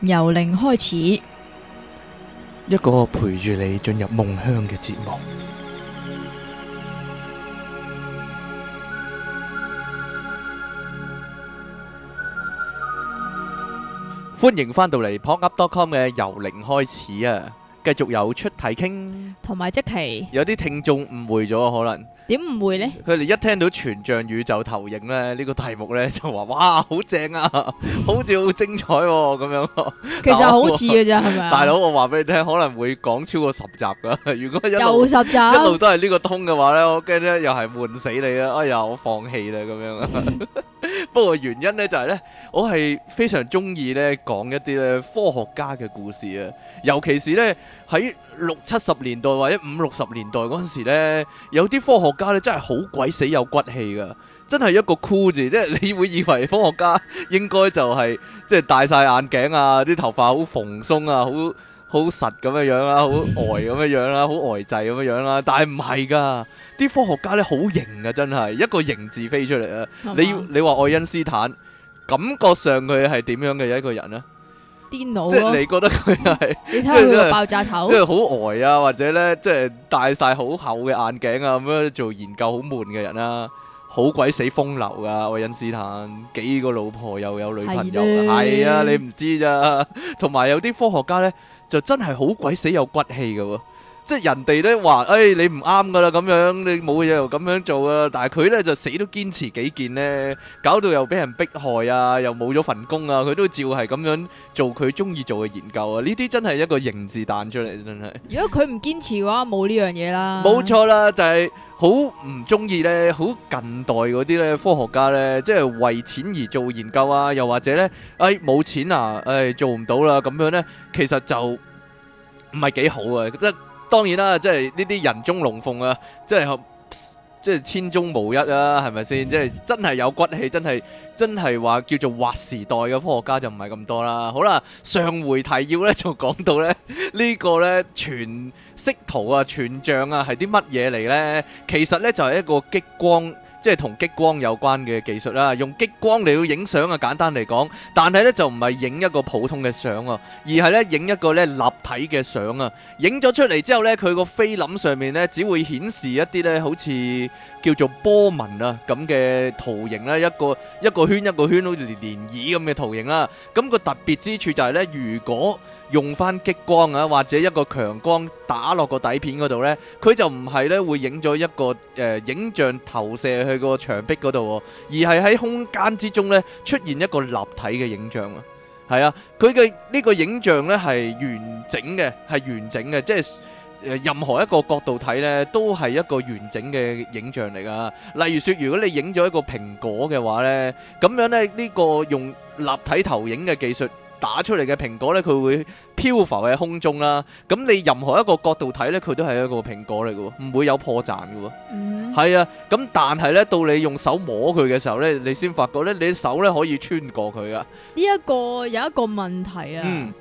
由零開始，一個陪住你進入夢鄉嘅節目， 歡迎返到嚟 popup.com 嘅由零開始啊！繼續有出題傾，同埋即期有啲聽眾誤會咗，可能點誤會呢？佢哋一聽到全像宇宙投影咧呢、呢個題目咧，就話哇好正啊，好似好精彩咁、啊、 樣。其實好似嘅啫，係咪？大佬，我話俾你聽，可能會講超過十集噶。如果又十集， 一路都係呢個通嘅話咧，我驚咧又係悶死你啊！哎呀，我放棄啦咁樣。 不過原因咧就係、是、咧，我係非常中意咧講一啲咧科學家嘅故事啊，尤其是咧。喺六七十年代或者五六十年代嗰陣時咧，有啲科學家咧真係好鬼死有骨氣噶，真係一個酷字，即係你會以為科學家 應該就係、是、即係戴晒眼鏡啊，啲頭髮好蓬鬆啊，好好實咁樣樣啦，好 呆咁樣樣啦，好呆滯咁樣樣啦，但係唔係噶，啲科學家呢好型啊，真係一個型字飛出嚟啊！ 你要你話愛因斯坦，感覺上佢係點樣嘅一個人咧？即係你覺得佢係，爆炸頭，即係好呆啊，或者咧，即係戴晒好厚嘅眼鏡啊，咁樣做研究好悶嘅人啦，啊，好鬼死風流噶，愛因斯坦幾個老婆又有女朋友，係的啊，你唔知咋，同埋有啲科學家咧就真係好鬼死有骨氣噶，啊。即係人哋咧話，誒你唔啱噶啦咁樣，你冇嘢又咁樣做噶啦。但係佢咧就死都堅持己見咧，搞到又俾人迫害啊，又冇咗份工啊，佢都照係咁樣做佢中意做嘅研究啊。呢啲真係一個政治彈出嚟，真係。如果佢唔堅持嘅話，冇呢樣嘢啦。冇錯啦，就係好唔中意咧，好近代嗰啲咧科學家咧，即係為錢而做研究啊，又或者咧，誒冇錢啊，誒做唔到啦咁樣咧，其實就唔係幾好啊，即係。當然啦，即係呢啲人中龍鳳啊，即係即係千中無一啊，係咪先？即係真係有骨氣，真係真係話叫做劃時代嘅科學家就唔係咁多啦。好啦，上回提要咧就講到咧呢、這個咧全息圖啊，全像啊係啲乜嘢嚟咧？其實咧就係、是、一個激光，即係同激光有關嘅技術啦，用激光嚟到影相啊！簡單嚟講，但係咧就唔係影一個普通嘅相喎，而係咧影一個咧立體嘅相啊！影咗出嚟之後咧，佢個菲林上面咧只會顯示一啲咧好似叫做波紋啊咁嘅圖形啦，一個一個圈一個圈好似漣漪咁嘅圖形啦。咁個特別之處就係咧，如果用翻激光啊，或者一個強光打落個底片嗰度咧，佢就唔係咧會影咗一個誒影像投射去個牆壁嗰度，而係喺空間之中咧出現一個立體嘅影像啊！係啊，佢嘅呢個影像咧係完整嘅，係完整嘅，即係誒任何一個角度睇咧都係一個完整嘅影像嚟㗎！例如說，如果你影咗一個蘋果嘅話咧，咁樣咧呢個用立體投影嘅技術。打出嚟嘅蘋果咧，佢會漂浮喺空中啦。咁你任何一個角度睇咧，佢都係一個蘋果嚟嘅，唔會有破綻嘅喎。嗯。係啊。咁但係咧，到你用手摸佢嘅時候咧，你先發覺咧，你手咧可以穿過佢噶。呢一個有一個問題啊。嗯。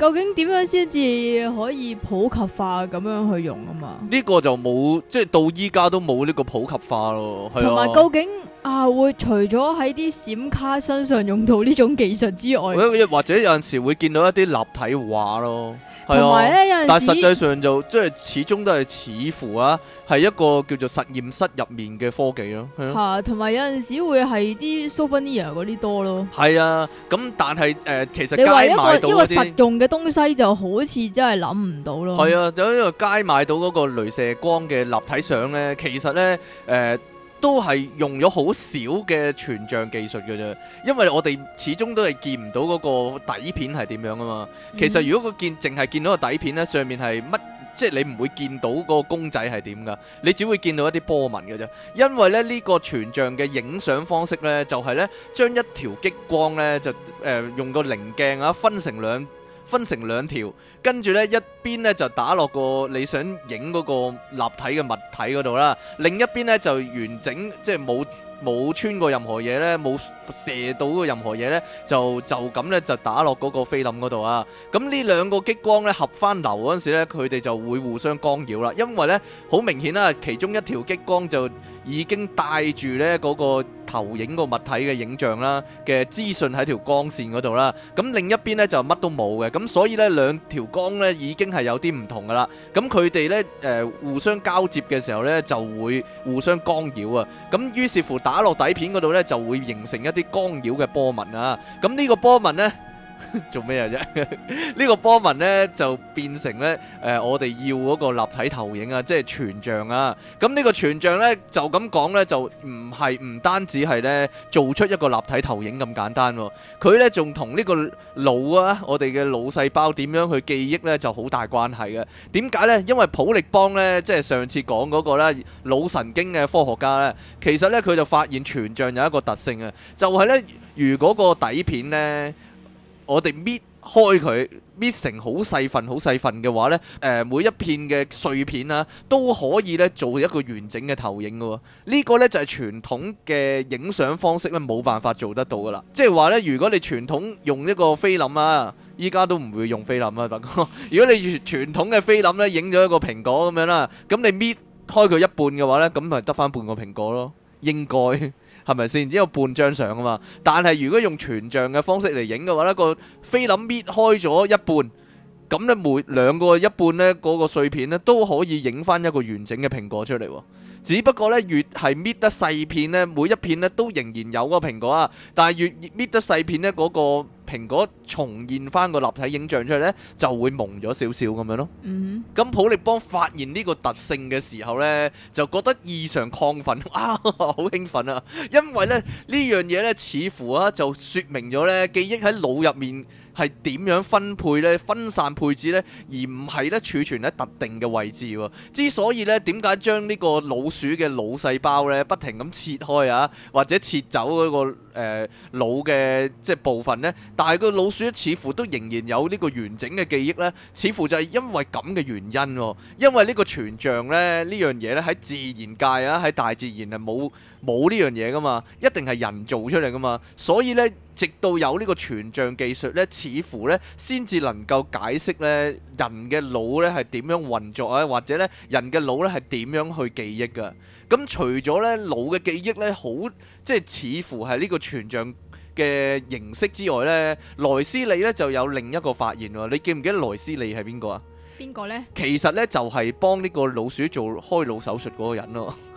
究竟點樣先至可以普及化咁樣去用啊嘛？呢個就冇，即係到依家都冇呢個普及化咯。同埋、啊，究竟啊會除咗喺啲閃卡身上用到呢種技術之外，或者有陣時會見到一啲立體畫咯。同埋咧，有陣時，但係實際上就即係始終都係似乎啊，係一個叫做實驗室入面嘅科技咯。係啊，同埋有陣時會係啲 souvenir 嗰啲多咯。係啊，咁但係誒，其實你話一個一個實用嘅東西就好似真係諗唔到咯。係啊，就喺個街買到嗰個雷射光嘅立體相咧，其實咧誒。呃都係用咗好少嘅全像技術嘅啫，因為我哋始終都係見唔到嗰個底片係點樣㗎嘛。嗯、其實如果佢見淨係見到個底片呢，上面係乜，即係你唔會見到個公仔係點噶，你只會見到一啲波紋嘅啫。因為咧呢、呢個全像嘅影相方式呢，就係、是、呢將一條激光呢，就誒、呃、用個棱鏡啊分成兩。分成兩條，跟住呢一邊呢就打落個你想影嗰個立體嘅物體嗰度啦，另一邊呢就完整，即係冇冇穿過任何嘢呢，冇射到任何嘢呢，就就咁呢就打落嗰個菲林嗰度啊。咁呢兩個激光呢合翻流嗰陣時呢，佢哋就會互相干擾啦，因為呢好明顯啦，其中一條激光就已經帶住呢嗰個。投影個物體嘅影像啦，嘅資訊喺條光線嗰度啦，咁另一邊呢，就乜都冇嘅，咁所以呢，兩條光呢已經係有啲唔同噶啦，咁佢哋呢，誒互相交接嘅時候呢，就會互相干擾啊，咁於是乎打落底片嗰度呢，就會形成一啲干擾嘅波紋啊，咁呢個波紋呢。做咩啊？啫呢 什麼 個波紋呢，就變成呢，誒、呃，我哋要嗰個立體投影啊，即係全像啊。咁呢個全像呢，就咁講呢，就唔係唔單止係呢，做出一個立體投影咁簡單、啊，佢呢，仲同呢個腦啊，我哋嘅腦細胞點樣去記憶呢，就好大關係嘅、啊。點解呢？因為普力邦呢，即係上次講嗰個呢腦神經嘅科學家呢，其實呢，佢就發現全像有一個特性啊，就係、是、呢，如果個底片呢。我哋搣開佢，搣成好細份、好細份嘅話呢，誒每一片嘅碎片啦、啊，都可以咧做一個完整嘅投影嘅喎、哦。呢、這個呢就係、是、傳統嘅影相方式咧，冇辦法做得到嘅啦。即係話呢，如果你傳統用一個菲林啊，而家都唔會用菲林啊，大哥。 如果你傳統嘅菲林呢，影咗一個蘋果咁樣啦，咁你搣開佢一半嘅話呢，咁咪得返半個蘋果咯，應該。係咪先？只有半張相啊嘛。但係如果用全像嘅方式嚟影嘅話，呢個菲林搣開咗一半，咁咧每兩個一半呢個碎片呢都可以影翻一個完整嘅蘋果出嚟。只不過呢，越係搣得細片呢，每一片呢都仍然有個蘋果啊。但係越搣得細片呢，嗰個蘋果重現翻個立體影像出嚟呢，就會矇咗少少咁樣咯。咁、嗯、普力邦發現呢個特性嘅時候呢，就覺得異常亢奮，啊、好興奮啊！因為咧呢 樣嘢呢，似乎啊就説明咗呢，記憶喺腦入面係點樣分配呢，分散配置呢，而唔係呢儲存喺特定嘅位置喎。之所以呢，點解將呢個老鼠嘅腦細胞呢不停咁切開啊，或者切走嗰、那個誒、呃、腦嘅即部分呢？但係個老鼠似乎都仍然有呢個完整嘅記憶呢，似乎就係因為咁嘅原因喎、哦，因為個全呢、呢個全像咧，呢樣嘢呢喺自然界啊，喺大自然係冇冇呢樣嘢噶嘛，一定係人做出嚟噶嘛。所以呢，直到有呢個全像技術呢，似乎呢先至能夠解釋呢人嘅腦呢係點樣運作啊，或者呢人嘅腦呢係點樣去記憶噶。咁、嗯、除咗呢腦嘅記憶呢，好即係似乎係呢個全像。嘅形式之外呢，萊斯利呢，就有另一個發現喎。你記唔記得萊斯利係邊個啊？邊個呢？其實呢就係幫呢個老鼠做開腦手術嗰個人咯。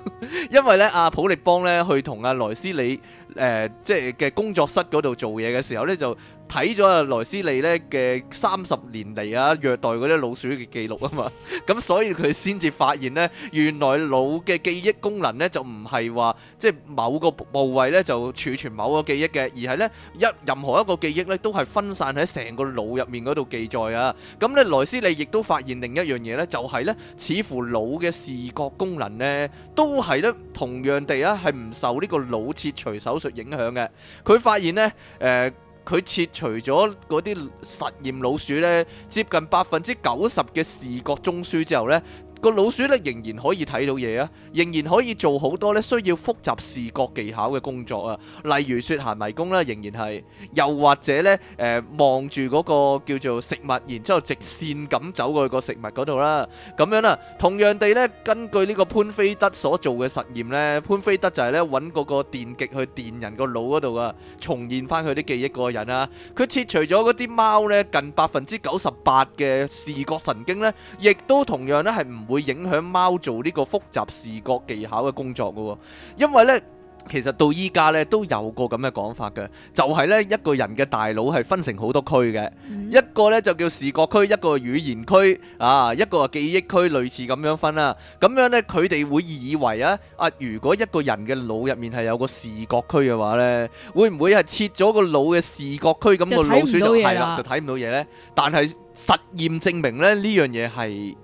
因為呢， 阿普力邦呢去同阿萊斯利，誒，即係嘅工作室嗰度做嘢嘅時候呢，就睇咗阿萊斯利呢嘅三十年嚟啊，虐待嗰啲老鼠嘅記錄吖嘛。噉所以佢先至發現呢，原來腦嘅記憶功能呢就唔係話即係某個部位呢就儲存某個記憶嘅，而係呢，一，任何一個記憶呢都係分散喺成個腦入面嗰度記載啊。噉呢，萊斯利亦都發現另一樣嘢呢，就係呢，似乎腦嘅視覺功能呢都都係咧，同樣地啊，係唔受呢個腦切除手術影響嘅。佢發現呢，誒、呃，佢切除咗嗰啲實驗老鼠咧，接近百分之九十嘅視覺中樞之後呢。個老鼠咧仍然可以睇到嘢啊，仍然可以做好多咧需要複雜視覺技巧嘅工作啊，例如説行迷宮啦，仍然係又或者咧誒望住嗰個叫做食物，然之後直線咁走過去個食物嗰度啦，咁樣啦，同樣地咧，根據呢個潘菲德所做嘅實驗咧，潘菲德就係咧揾嗰個電極去電人個腦嗰度啊，重現翻佢啲記憶個人啊，佢切除咗嗰啲貓咧近百分之九十八嘅視覺神經咧，亦都同樣咧係唔會。會影響貓做呢個複雜視覺技巧嘅工作噶，因為呢，其實到依家咧都有個咁嘅講法嘅，就係呢，一個人嘅大腦係分成好多區嘅，嗯、一個呢就叫視覺區，一個語言區，啊，一個記憶區，類似咁樣分啦。咁樣呢，佢哋會以為啊，啊，如果一個人嘅腦入面係有個視覺區嘅話呢，會唔會係切咗個腦嘅視覺區，咁個老鼠就係啦，就睇唔到嘢呢？但係實驗證明呢，呢樣嘢係。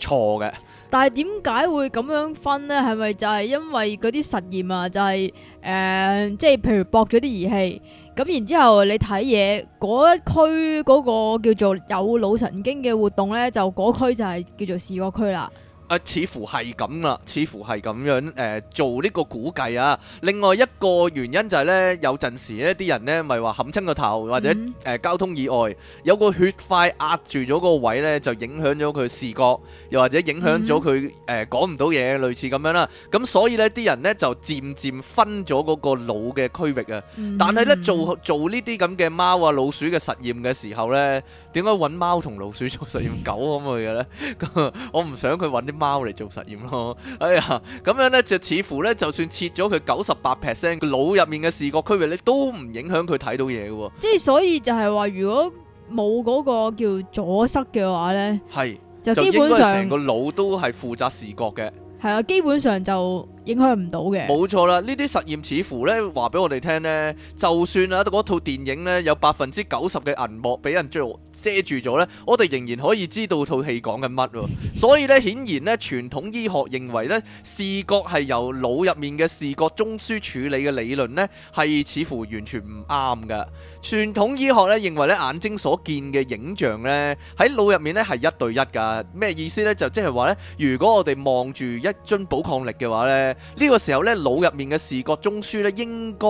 錯嘅，但係點解會咁樣分呢？係咪就係因為嗰啲實驗啊、就係？就係誒，即係譬如駁咗啲儀器，咁然之後你睇嘢嗰一區嗰個叫做有腦神經嘅活動呢，就嗰區就係叫做視覺區啦。啊，似乎係咁啦，似乎係咁樣誒，做呢個估計啊。另外一個原因就係咧，有陣時咧啲人咧咪話冚親個頭，或者誒交通意外，有個血塊壓住咗個位咧，就影響咗佢視覺，又或者影響咗佢誒講唔到嘢，類似咁樣啦。咁所以咧，啲人咧就漸漸分咗嗰個腦嘅區域啊。但係咧，做做呢啲咁嘅貓啊、老鼠嘅實驗嘅時候咧，點解搵貓同老鼠做實驗狗咁去嘅咧？咁我唔想佢搵啲。貓嚟做實驗咯，哎呀，咁樣咧就似乎咧，就算切咗佢九十八 percent 個腦入面嘅視覺區域，你都唔影響佢睇到嘢嘅喎。即係所以就係話，如果冇嗰個叫阻塞嘅話咧，係，就基本上成個腦都係負責視覺嘅。係啊，基本上就。影響唔到嘅，冇錯啦。呢啲實驗似乎咧，話俾我哋聽咧，就算啊，嗰套電影咧有百分之九十嘅銀幕俾人遮遮住咗咧，我哋仍然可以知道套戲講緊乜。所以咧，顯然咧，傳統醫學認為咧，視覺係由腦入面嘅視覺中樞處理嘅理論咧，係似乎完全唔啱噶。傳統醫學咧認為咧，眼睛所見嘅影像咧，喺腦入面咧係一對一噶。咩意思咧？就即係話咧，如果我哋望住一樽保抗力嘅話咧。呢個時候咧，腦入面嘅視覺中樞咧，應該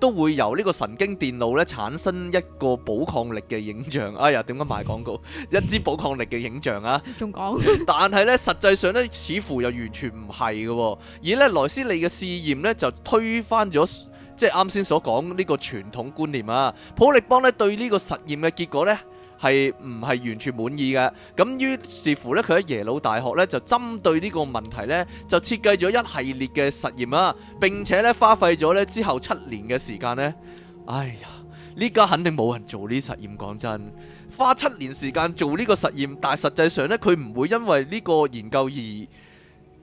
都會由呢個神經電腦咧產生一個保抗力嘅影像。哎呀，點解賣廣告？一支保抗力嘅影像啊！仲講說？但係咧，實際上咧，似乎又完全唔係嘅。而咧，萊斯利嘅試驗咧，就推翻咗即係啱先所講呢個傳統觀念啊。普力邦咧，對呢個實驗嘅結果咧。係唔係完全滿意嘅？咁於是乎呢，佢喺耶魯大學呢，就針對呢個問題呢，就設計咗一系列嘅實驗啊，並且呢，花費咗呢之後七年嘅時間呢。哎呀，呢家肯定冇人做呢實驗，講真，花七年時間做呢個實驗，但係實際上呢，佢唔會因為呢個研究而即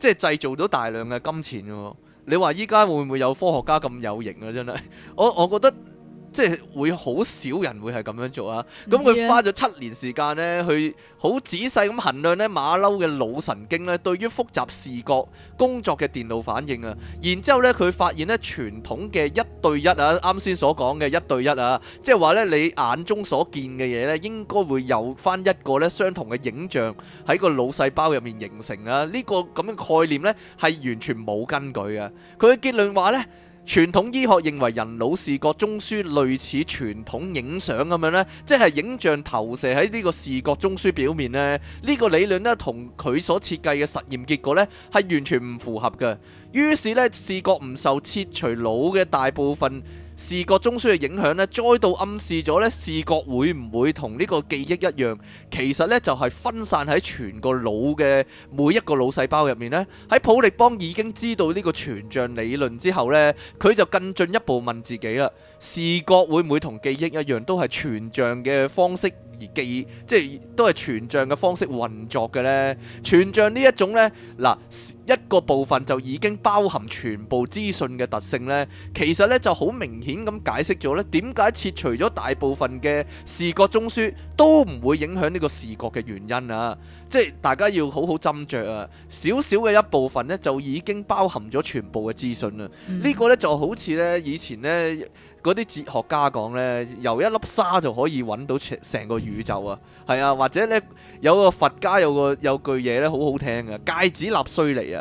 係製造到大量嘅金錢。你話依家會唔會有科學家咁有型啊？真係，我我覺得。即係會好少人會係咁樣做啊！咁佢花咗七年時間咧，去好仔細咁衡量咧馬騮嘅腦神經咧，對於複雜視覺工作嘅電腦反應啊。然之後咧，佢發現咧傳統嘅一對一啊，啱先所講嘅一對一啊，即係話咧你眼中所見嘅嘢咧，應該會有翻一個咧相同嘅影像喺個腦細胞入面形成啊。呢個咁嘅概念咧係完全冇根據啊。佢嘅結論話咧。傳統醫學認為人腦視覺中樞類似傳統影相咁樣呢，即係影像投射喺呢個視覺中樞表面咧。呢、呢個理論呢，同佢所設計嘅實驗結果呢，係完全唔符合嘅。於是呢，視覺唔受切除腦嘅大部分。視覺中樞嘅影響呢，再度暗示咗咧視覺會唔會同呢個記憶一樣？其實呢，就係分散喺全個腦嘅每一個腦細胞入面呢。喺普利邦已經知道呢個全像理論之後呢，佢就更進一步問自己啦：視覺會唔會同記憶一樣，都係全像嘅方式而記，即係都係全像嘅方式運作嘅呢？全像呢一種呢？嗱。一個部分就已經包含全部資訊嘅特性呢，其實呢就好明顯咁解釋咗呢點解切除咗大部分嘅視覺中樞都唔會影響呢個視覺嘅原因啊！即係大家要好好斟酌啊！少少嘅一部分呢就已經包含咗全部嘅資訊啦。呢、嗯、個呢就好似呢以前呢嗰啲哲學家講呢，由一粒沙就可以揾到成成個宇宙啊！係啊，或者呢有個佛家有個，有，個有句嘢呢，好好聽啊，芥子納須彌。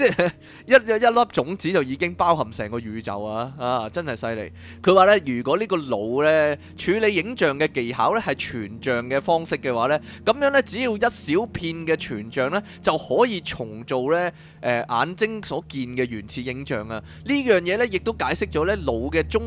即係 一一,一粒種子就已經包含成個宇宙啊！啊，真係犀利！佢話咧，如果個呢個腦咧處理影像嘅技巧咧係全像嘅方式嘅話咧，咁樣咧只要一小片嘅全像咧就可以重做咧誒眼睛所見嘅原始影像啊！樣呢樣嘢咧亦都解釋咗咧腦嘅中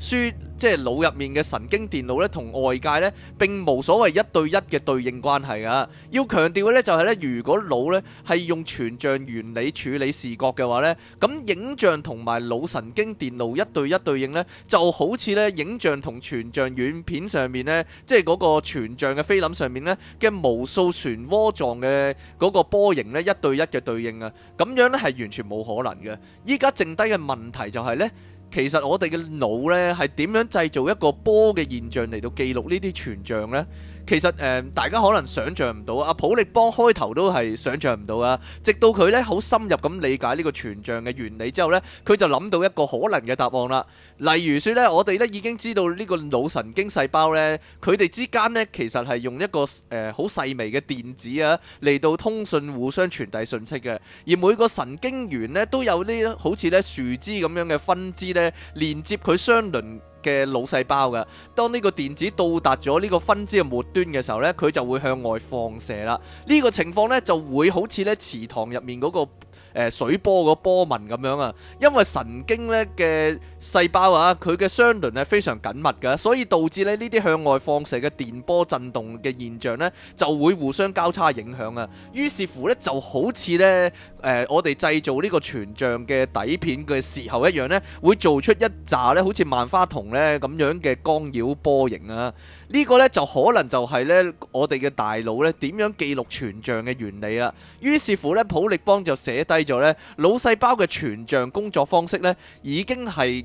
樞，即係腦入面嘅神經電腦咧同外界咧並冇所謂一對一嘅對應關係啊！要強調嘅咧就係咧，如果腦咧係用全像原理全處理視覺嘅話咧，咁影像同埋腦神經電路一對一對應咧，就好似咧影像同全像軟片上面咧，即係嗰個全像嘅菲林上面咧嘅無數旋渦狀嘅嗰個波形咧，一對一嘅對應啊，咁樣咧係完全冇可能嘅。依家剩低嘅問題就係咧，其實我哋嘅腦咧係點樣製造一個波嘅現象嚟到記錄呢啲全像咧？其實誒、呃，大家可能想像唔到，阿普力邦開頭都係想像唔到啊！直到佢咧好深入咁理解呢個全像嘅原理之後呢，佢就諗到一個可能嘅答案啦。例如説呢，我哋呢已經知道呢個腦神經細胞呢，佢哋之間呢其實係用一個誒好、呃、細微嘅電子啊嚟到通訊互相傳遞訊息嘅，而每個神經元呢，都有呢好似呢樹枝咁樣嘅分支呢，連接佢相鄰。嘅腦細胞嘅，當呢個電子到達咗呢個分支嘅末端嘅時候呢，佢就會向外放射啦。呢、呢個情況呢，就會好似呢池塘入面嗰、嗰個、呃、水波個波紋咁樣啊，因為神經呢嘅。細胞啊，佢嘅雙輪係非常緊密嘅，所以導致呢呢啲向外放射嘅電波震動嘅現象呢，就會互相交叉影響啊。於是乎呢，就好似呢，誒、呃，我哋製造呢個全像嘅底片嘅時候一樣呢，會做出一紮呢，好似萬花筒呢咁樣嘅干擾波形啊。呢、這個呢，就可能就係呢，我哋嘅大腦呢點樣記錄全像嘅原理啦。於是乎呢，普力邦就寫低咗呢，腦細胞嘅全像工作方式呢，已經係。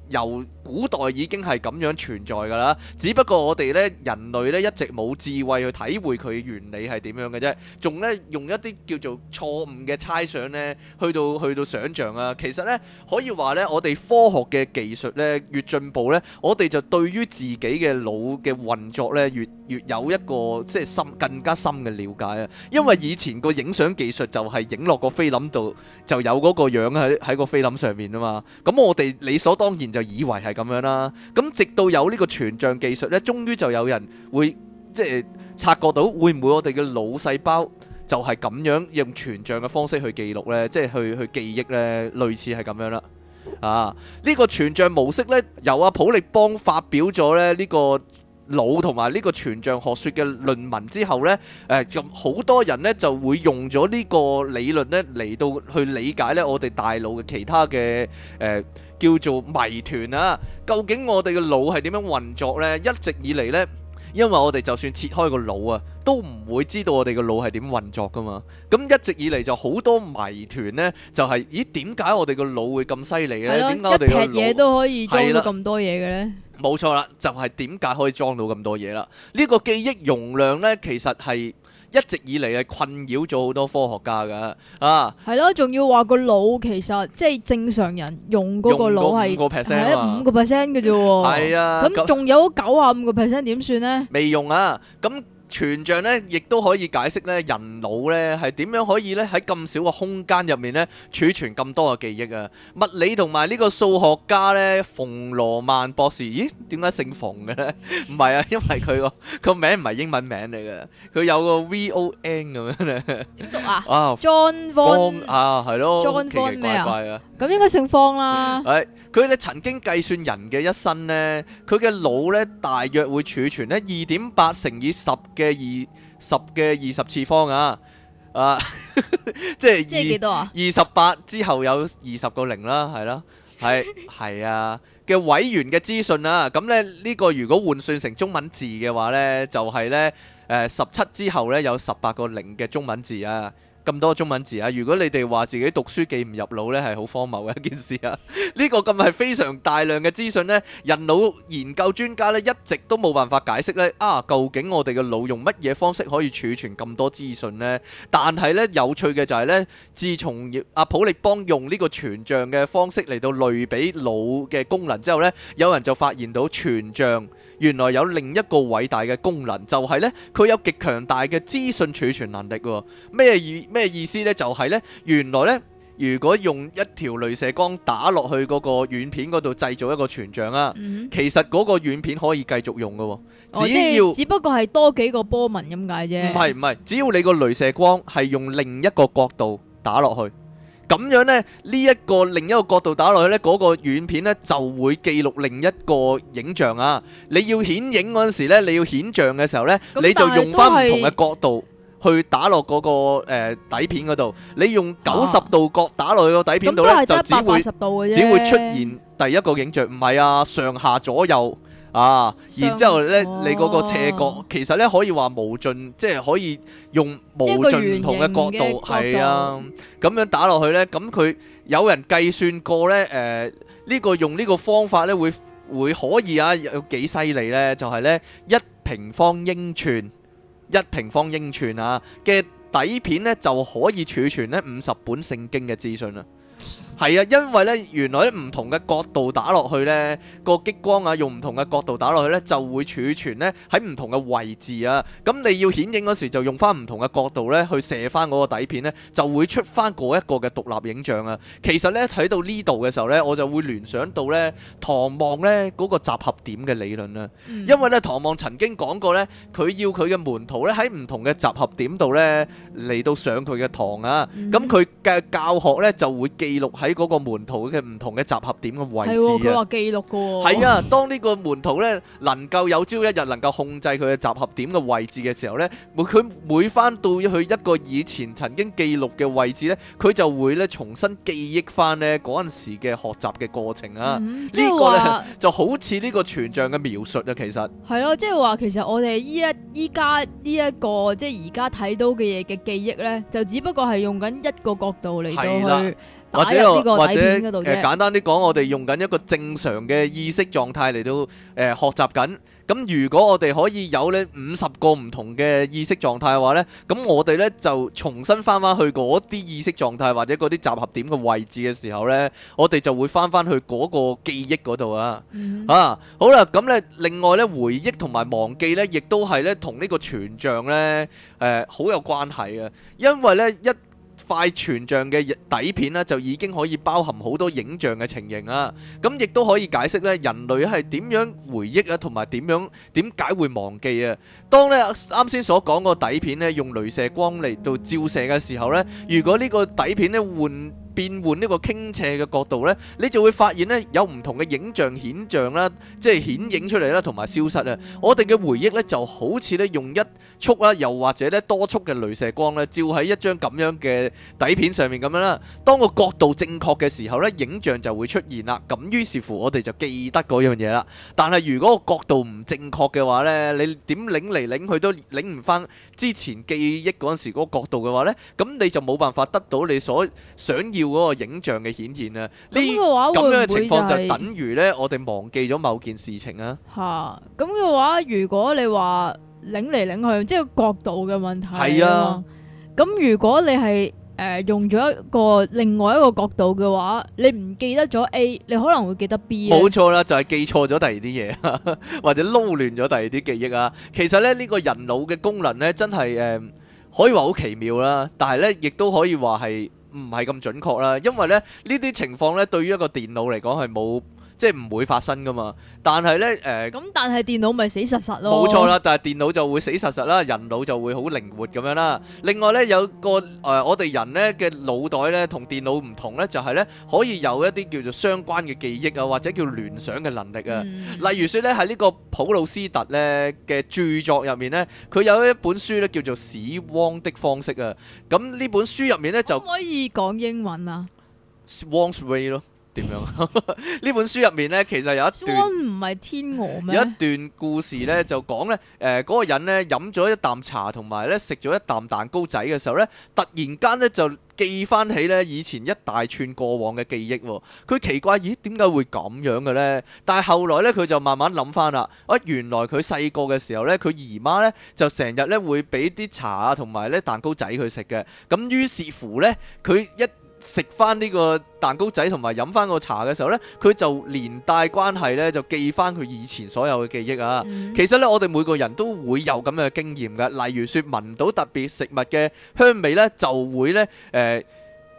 由古代已經係咁樣存在㗎啦，只不過我哋咧人類咧一直冇智慧去體會佢原理係點樣嘅啫，仲咧用一啲叫做錯誤嘅猜想咧,去到去到想像啊。其實咧,可以話咧我哋科學嘅技術咧越進步咧,我哋就對於自己嘅腦嘅運作咧越越有一個即係深更加深嘅了解啊，因為以前個影相技術就係影落個菲林度,就有嗰個樣喺喺個菲林上面啊嘛，咁我哋理所當然就以為係咁樣啦，咁直到有呢個全像技術呢終於就有人會即係察覺到會唔會我哋嘅腦細胞就係咁樣用全像嘅方式去記錄呢？即係去去記憶咧，類似係咁樣啦。啊，呢、這個全像模式呢，由阿普力邦發表咗咧呢個腦同埋呢個全像學說嘅論文之後呢，誒咁好多人呢就會用咗呢個理論呢嚟到去理解呢我哋大腦嘅其他嘅誒。呃叫做謎團啊！究竟我哋嘅腦係點樣運作咧？一直以嚟咧，因為我哋就算切開個腦啊，都唔會知道我哋嘅腦係點運作噶嘛。咁一直以嚟就好多謎團咧，就係咦，點解我哋個腦會咁犀利咧？點解我哋嘅腦一撇嘢都可以裝到咁多嘢嘅咧？冇錯啦，就係點解可以裝到咁多嘢啦？呢個記憶容量咧，其實係。一直以嚟係困擾咗好多科學家㗎，啊，係咯、嗯，仲要話個腦其實即係正常人用嗰個腦係喺五個 percent 嘅啫喎，係啊，咁仲有九啊五個 percent 點算咧？未用啊，咁、嗯。全像咧，亦都可以解釋咧，人腦咧係點樣可以咧喺咁少個空間入面咧儲存咁多個記憶啊！物理同埋呢個數學家咧，馮羅曼博士，咦？點解姓馮嘅咧？唔係啊，因為佢個個名唔係英文名嚟嘅，佢有個 V O N 咁樣咧。點讀啊？啊，John 方 Von 啊，係咯，奇奇 John 怪怪啊！咁應該姓方啦。係、嗯，佢咧曾經計算人嘅一生咧，佢嘅腦咧大約會儲存咧二點八乘以十嘅二十嘅二十次方啊，啊， 即係二，即係幾多啊？二十八之後有二十個零啦，係啦，係係 啊嘅委員嘅資訊啊，咁咧呢個如果換算成中文字嘅話咧，就係咧誒十七之後咧有十八個零嘅中文字啊。咁多中文字啊！如果你哋話自己讀書記唔入腦呢係好荒謬嘅一件事啊！呢 個咁係非常大量嘅資訊呢，人腦研究專家呢一直都冇辦法解釋呢啊。究竟我哋嘅腦用乜嘢方式可以儲存咁多資訊呢？但係呢，有趣嘅就係呢，自從阿、啊、普力邦用呢個全像嘅方式嚟到類比腦嘅功能之後呢，有人就發現到全像。原來有另一個偉大嘅功能，就係、是、呢。佢有極強大嘅資訊儲存能力喎。咩意咩意思呢？就係、是、呢。原來呢，如果用一條雷射光打落去嗰個軟片嗰度，製造一個全像啊，嗯、其實嗰個軟片可以繼續用嘅，哦、只要、哦、只不過係多幾個波紋咁解啫。唔係唔係，只要你個雷射光係用另一個角度打落去。咁樣呢，呢一個另一個角度打落去呢，嗰個軟片呢就會記錄另一個影像啊！你要顯影嗰陣時呢，你要顯像嘅時候呢，你就用返唔同嘅角度去打落嗰個底片嗰度。你用九十度角打落去個底片度呢，就只會只會出現第一個影像。唔係啊，上下左右。啊！然之後咧，你嗰個斜角、哦、其實咧可以話無盡，即係可以用無盡唔同嘅角度，係啊，咁樣打落去咧，咁佢有人計算過咧，誒、呃、呢、呢個用呢個方法咧，會會可以啊，有幾犀利咧？就係、是、咧一平方英寸，一平方英寸啊嘅底片咧，就可以儲存咧五十本聖經嘅資訊啦。係啊，因為咧，原來啲唔同嘅角度打落去呢個激光啊，用唔同嘅角度打落去呢，就會儲存呢喺唔同嘅位置啊。咁你要顯影嗰時就用翻唔同嘅角度呢去射翻嗰個底片呢，就會出翻嗰一個嘅獨立影像啊。其實呢，睇到呢度嘅時候呢，我就會聯想到呢唐望呢嗰、那個集合點嘅理論啊。嗯、因為呢，唐望曾經講過呢，佢要佢嘅門徒呢，喺唔同嘅集合點度呢嚟到上佢嘅堂啊。咁佢嘅教學呢，就會記錄喺喺嗰個門徒嘅唔同嘅集合點嘅位置、哦，係佢話記錄噶、哦。係啊，當呢個門徒咧，能夠有朝一日能夠控制佢嘅集合點嘅位置嘅時候咧，每佢每翻到去一個以前曾經記錄嘅位置咧，佢就會咧重新記憶翻咧嗰陣時嘅學習嘅過程啊。嗯、個呢係話就好似呢個全像嘅描述啊，其實係咯、哦，即係話其實我哋依一依家呢一個即係而家睇到嘅嘢嘅記憶咧，就只不過係用緊一個角度嚟到去。或者或者，誒，簡單啲講，我哋用緊一個正常嘅意識狀態嚟到誒學習緊。咁如果我哋可以有咧五十個唔同嘅意識狀態嘅話咧，咁我哋咧就重新翻翻去嗰啲意識狀態或者嗰啲集合點嘅位置嘅時候咧，我哋就會翻翻去嗰個記憶嗰度啊。啊，好啦，咁咧另外咧回憶同埋忘記咧，亦都係咧同呢個全像咧，誒好有關係嘅，因為咧一。快全像嘅底片咧，就已經可以包含好多影像嘅情形啦。咁亦都可以解釋咧，人類係點樣回憶啊，同埋點樣點解會忘記啊？當咧啱先所講個底片咧，用雷射光嚟到照射嘅時候咧，如果呢個底片咧換。變換呢個傾斜嘅角度咧，你就會發現咧有唔同嘅影像顯象啦，即係顯影出嚟啦同埋消失啊！我哋嘅回憶咧就好似用一束啦又或者多束嘅雷射光，照喺一張咁樣嘅底片上面咁樣啦。當個角度正確嘅時候咧，影像就會出現啦，咁於是乎我哋就記得嗰樣嘢啦。但係如果個角度唔正確嘅話咧，你點擰嚟擰去都擰唔翻之前記憶嗰陣時嗰個角度嘅話咧，咁你就冇辦法得到你所想要。要嗰個影像嘅顯現啊，咁嘅話會唔會咁樣嘅情況就等於咧我哋忘記咗某件事情啊？吓，咁嘅話，如果你話擰嚟擰去，即係角度嘅問題啊。係啊，咁如果你係誒用咗一個另外一個角度嘅話，你唔記得咗 A，你可能會記得 B。冇錯啦，就係記錯咗第二啲嘢啊，或者撈亂咗第二啲記憶啊。其實咧呢個人腦嘅功能咧真係誒可以話好奇妙啦，但係咧亦都可以話係。唔係咁準確啦，因為咧呢啲情況咧對於一個電腦嚟講係冇即係唔會發生噶嘛，但係呢，誒、呃，咁但係電腦咪死實實咯，冇錯啦，但係電腦就會死實實啦，人腦就會好靈活咁樣啦。另外呢，有個誒、呃，我哋人呢嘅腦袋呢，同電腦唔同呢，就係、是、呢可以有一啲叫做相關嘅記憶啊，或者叫聯想嘅能力啊。嗯、例如説呢，喺呢個普魯斯特呢嘅著作入面呢，佢有一本書呢叫做《史汪的方式》啊。咁呢本書入面呢，就可唔可以講英文啊？啊點樣？呢 本書入面呢，其實有一段，唔係天鵝咩？ 有一段故事呢，就講呢誒，嗰、呃嗰個人呢，飲咗一啖茶，同埋呢，食咗一啖蛋糕仔嘅時候呢，突然間呢，就記翻起呢以前一大串過往嘅記憶、哦。佢奇怪咦，點解會咁樣嘅呢？但係後來呢，佢就慢慢諗翻啦。我、呃、原來佢細個嘅時候呢，佢姨媽呢，就成日呢，會俾啲茶啊，同埋呢蛋糕仔佢食嘅。咁於是乎呢，佢一，食翻呢個蛋糕仔同埋飲翻個茶嘅時候呢，佢就連帶關係呢，就記翻佢以前所有嘅記憶啊！其實呢，我哋每個人都會有咁嘅經驗噶。例如說聞到特別食物嘅香味呢，就會呢誒、呃、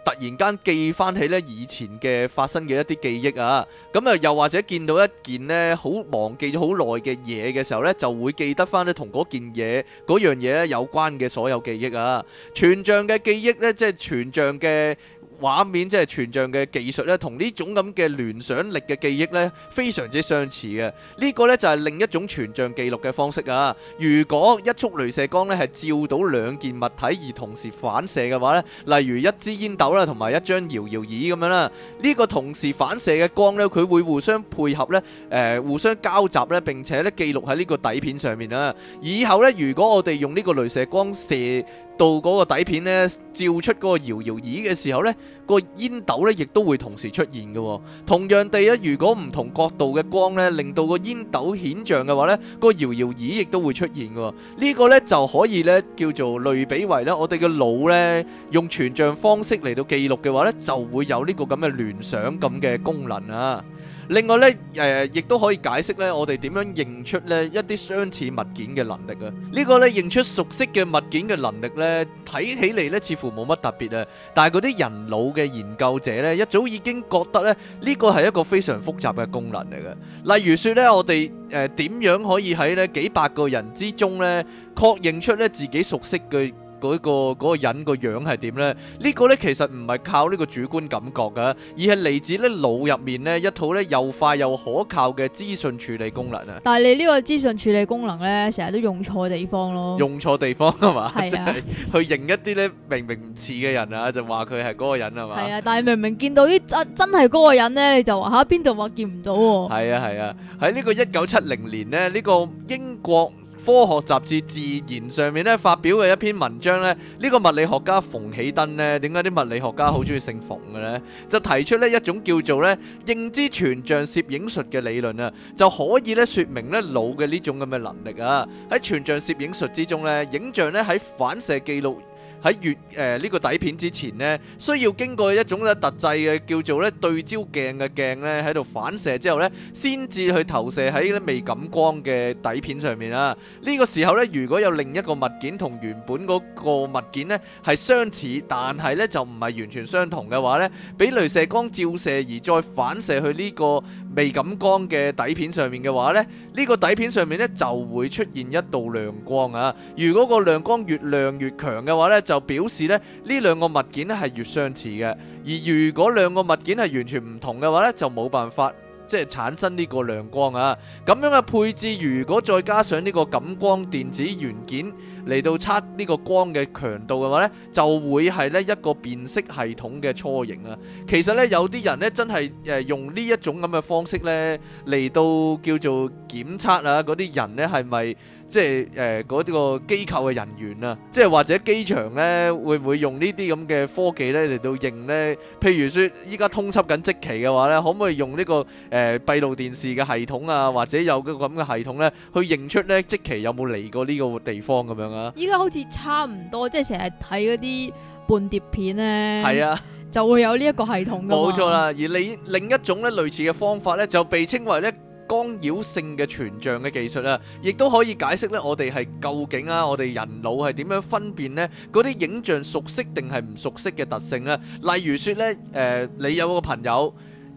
突然間記翻起呢以前嘅發生嘅一啲記憶啊！咁啊，又或者見到一件呢好忘記咗好耐嘅嘢嘅時候呢，就會記得翻呢同嗰件嘢嗰樣嘢呢有關嘅所有記憶啊！全像嘅記憶呢，即係全像嘅。畫面即係全像嘅技術咧，同呢種咁嘅聯想力嘅記憶咧，非常之相似嘅。呢、這個咧就係另一種全像記錄嘅方式啊。如果一束雷射光咧係照到兩件物體而同時反射嘅話咧，例如一支煙斗啦，同埋一張搖搖椅咁樣啦，呢、這個同時反射嘅光咧，佢會互相配合咧，誒、呃、互相交集咧，並且咧記錄喺呢個底片上面啊。以後咧，如果我哋用呢個雷射光射做嗰個底片咧，照出嗰個搖搖椅嘅時候咧，個煙斗咧亦都會同時出現嘅。同樣地咧，如果唔同角度嘅光咧，令到煙顯、個煙斗顯像嘅話咧，個搖搖椅亦都會出現嘅。呢、呢個咧就可以咧叫做類比為咧，我哋嘅腦咧用全像方式嚟到記錄嘅話咧，就會有呢個咁嘅聯想咁嘅功能啊。另外咧，誒亦都可以解釋咧，我哋點樣認出咧一啲相似物件嘅能力啊。呢個咧認出熟悉嘅物件嘅能力咧，睇起嚟咧似乎冇乜特別啊。但係嗰啲人腦嘅研究者咧，一早已經覺得咧呢個係一個非常複雜嘅功能嚟嘅。例如說咧，我哋誒點樣可以喺咧幾百個人之中咧確認出咧自己熟悉嘅。嗰個、嗰個人個樣係點咧？呢個咧其實唔係靠呢個主觀感覺嘅，而係嚟自咧腦入面咧一套咧又快又可靠嘅資訊處理功能啊！但係你呢個資訊處理功能咧，成日都用錯地方咯，用錯地方係嘛？係啊， 去認一啲咧明明唔似嘅人啊，就話佢係嗰個人係嘛？係啊，但係明明見到啲真真係嗰個人咧，你就話嚇邊度話見唔到喎？係啊係啊，喺、啊啊啊、呢個一九七零年咧，呢、呢個英國，科學雜誌《自然》上面咧發表嘅一篇文章咧，呢、呢個物理學家馮起登，咧，點解啲物理學家好中意姓馮嘅咧？就提出呢一種叫做咧認知全像攝影術嘅理論啊，就可以咧説明咧腦嘅呢種咁嘅能力啊。喺全像攝影術之中咧，影像咧喺反射記錄。喺月誒呢個底片之前咧，需要經過一種咧特製嘅叫做咧對焦鏡嘅鏡咧喺度反射之後咧，先至去投射喺咧未感光嘅底片上面啊。呢個時候咧，如果有另一個物件同原本嗰個物件咧係相似，但係咧就唔係完全相同嘅話咧，俾雷射光照射而再反射去呢個未感光嘅底片上面嘅話咧，呢個底片上面咧就會出現一道亮光啊。如果個亮光越亮越強嘅話咧，就就表示咧，呢兩個物件咧係越相似嘅，而如果兩個物件係完全唔同嘅話咧，就冇辦法。即係產生呢個亮光啊！咁樣嘅配置，如果再加上呢個感光電子元件嚟到測呢個光嘅強度嘅話呢，就會係呢一個辨識系統嘅初型啊！其實呢，有啲人呢真係誒、呃、用呢一種咁嘅方式呢嚟到叫做檢測啊！嗰啲人呢係咪即係誒嗰個機構嘅人員啊？即係或者機場呢會唔會用呢啲咁嘅科技呢嚟到認呢？譬如說依家通緝緊即期嘅話呢，可唔可以用呢、呢個誒？呃誒，閉路電視嘅系統啊，或者有個咁嘅系統咧，去認出咧即期有冇嚟過呢個地方咁樣啊？依家好似差唔多，即係成日睇嗰啲半碟片咧，係是啊，就會有呢一個系統冇錯啦，而你另一種咧類似嘅方法咧，就被稱為咧干擾性嘅全像嘅技術啊，亦都可以解釋咧我哋係究竟啊，我哋人腦係點樣分辨呢嗰啲影像熟悉定係唔熟悉嘅特性咧、啊？例如說咧，誒、呃，你有個朋友。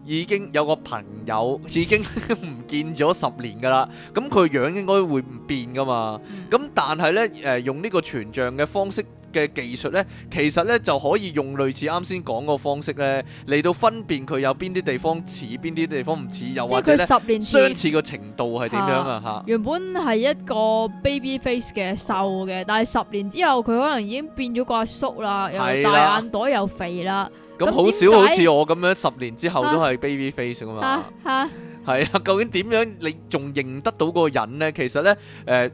已經有個朋友已經唔見咗十年㗎啦，咁佢樣應該會唔變㗎嘛？咁、嗯、但係咧，誒、呃、用呢個全像嘅方式嘅技術咧，其實咧就可以用類似啱先講個方式咧嚟到分辨佢有邊啲地方似，邊啲地方唔似，有又或者即十年前相似個程度係點樣啊？嚇、啊！原本係一個 baby face 嘅瘦嘅，但係十年之後佢可能已經變咗個阿叔，叔啦，又大眼袋又肥啦。咁何好少好似我咁樣，十年之後、啊、都係 baby face 嘛啊嘛，係啊，究竟點樣你仲認得到個人咧？其實咧，誒、呃。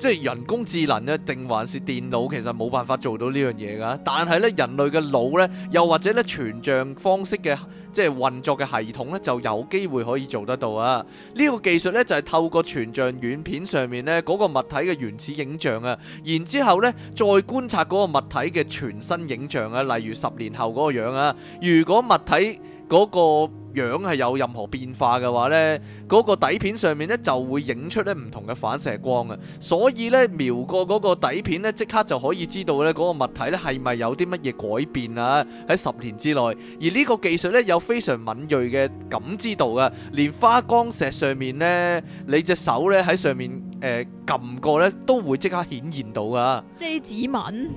即係人工智能咧，定還是電腦其實冇辦法做到呢樣嘢噶。但係咧，人類嘅腦咧，又或者咧，全像方式嘅即係運作嘅系統咧，就有機會可以做得到啊！呢、這個技術咧，就係、是、透過全像軟片上面咧嗰個物體嘅原始影像啊，然之後咧再觀察嗰個物體嘅全新影像啊，例如十年後嗰個樣啊，如果物體，嗰個樣係有任何變化嘅話呢，嗰、嗰個底片上面咧就會影出咧唔同嘅反射光啊，所以呢，瞄過嗰個底片呢，即刻就可以知道呢嗰個物體呢係咪有啲乜嘢改變啊？喺十年之內，而呢個技術呢，有非常敏鋭嘅感知度嘅，連花崗石上面呢，你隻手呢喺上面誒撳、呃、過呢，都會即刻顯現到噶。即係指紋。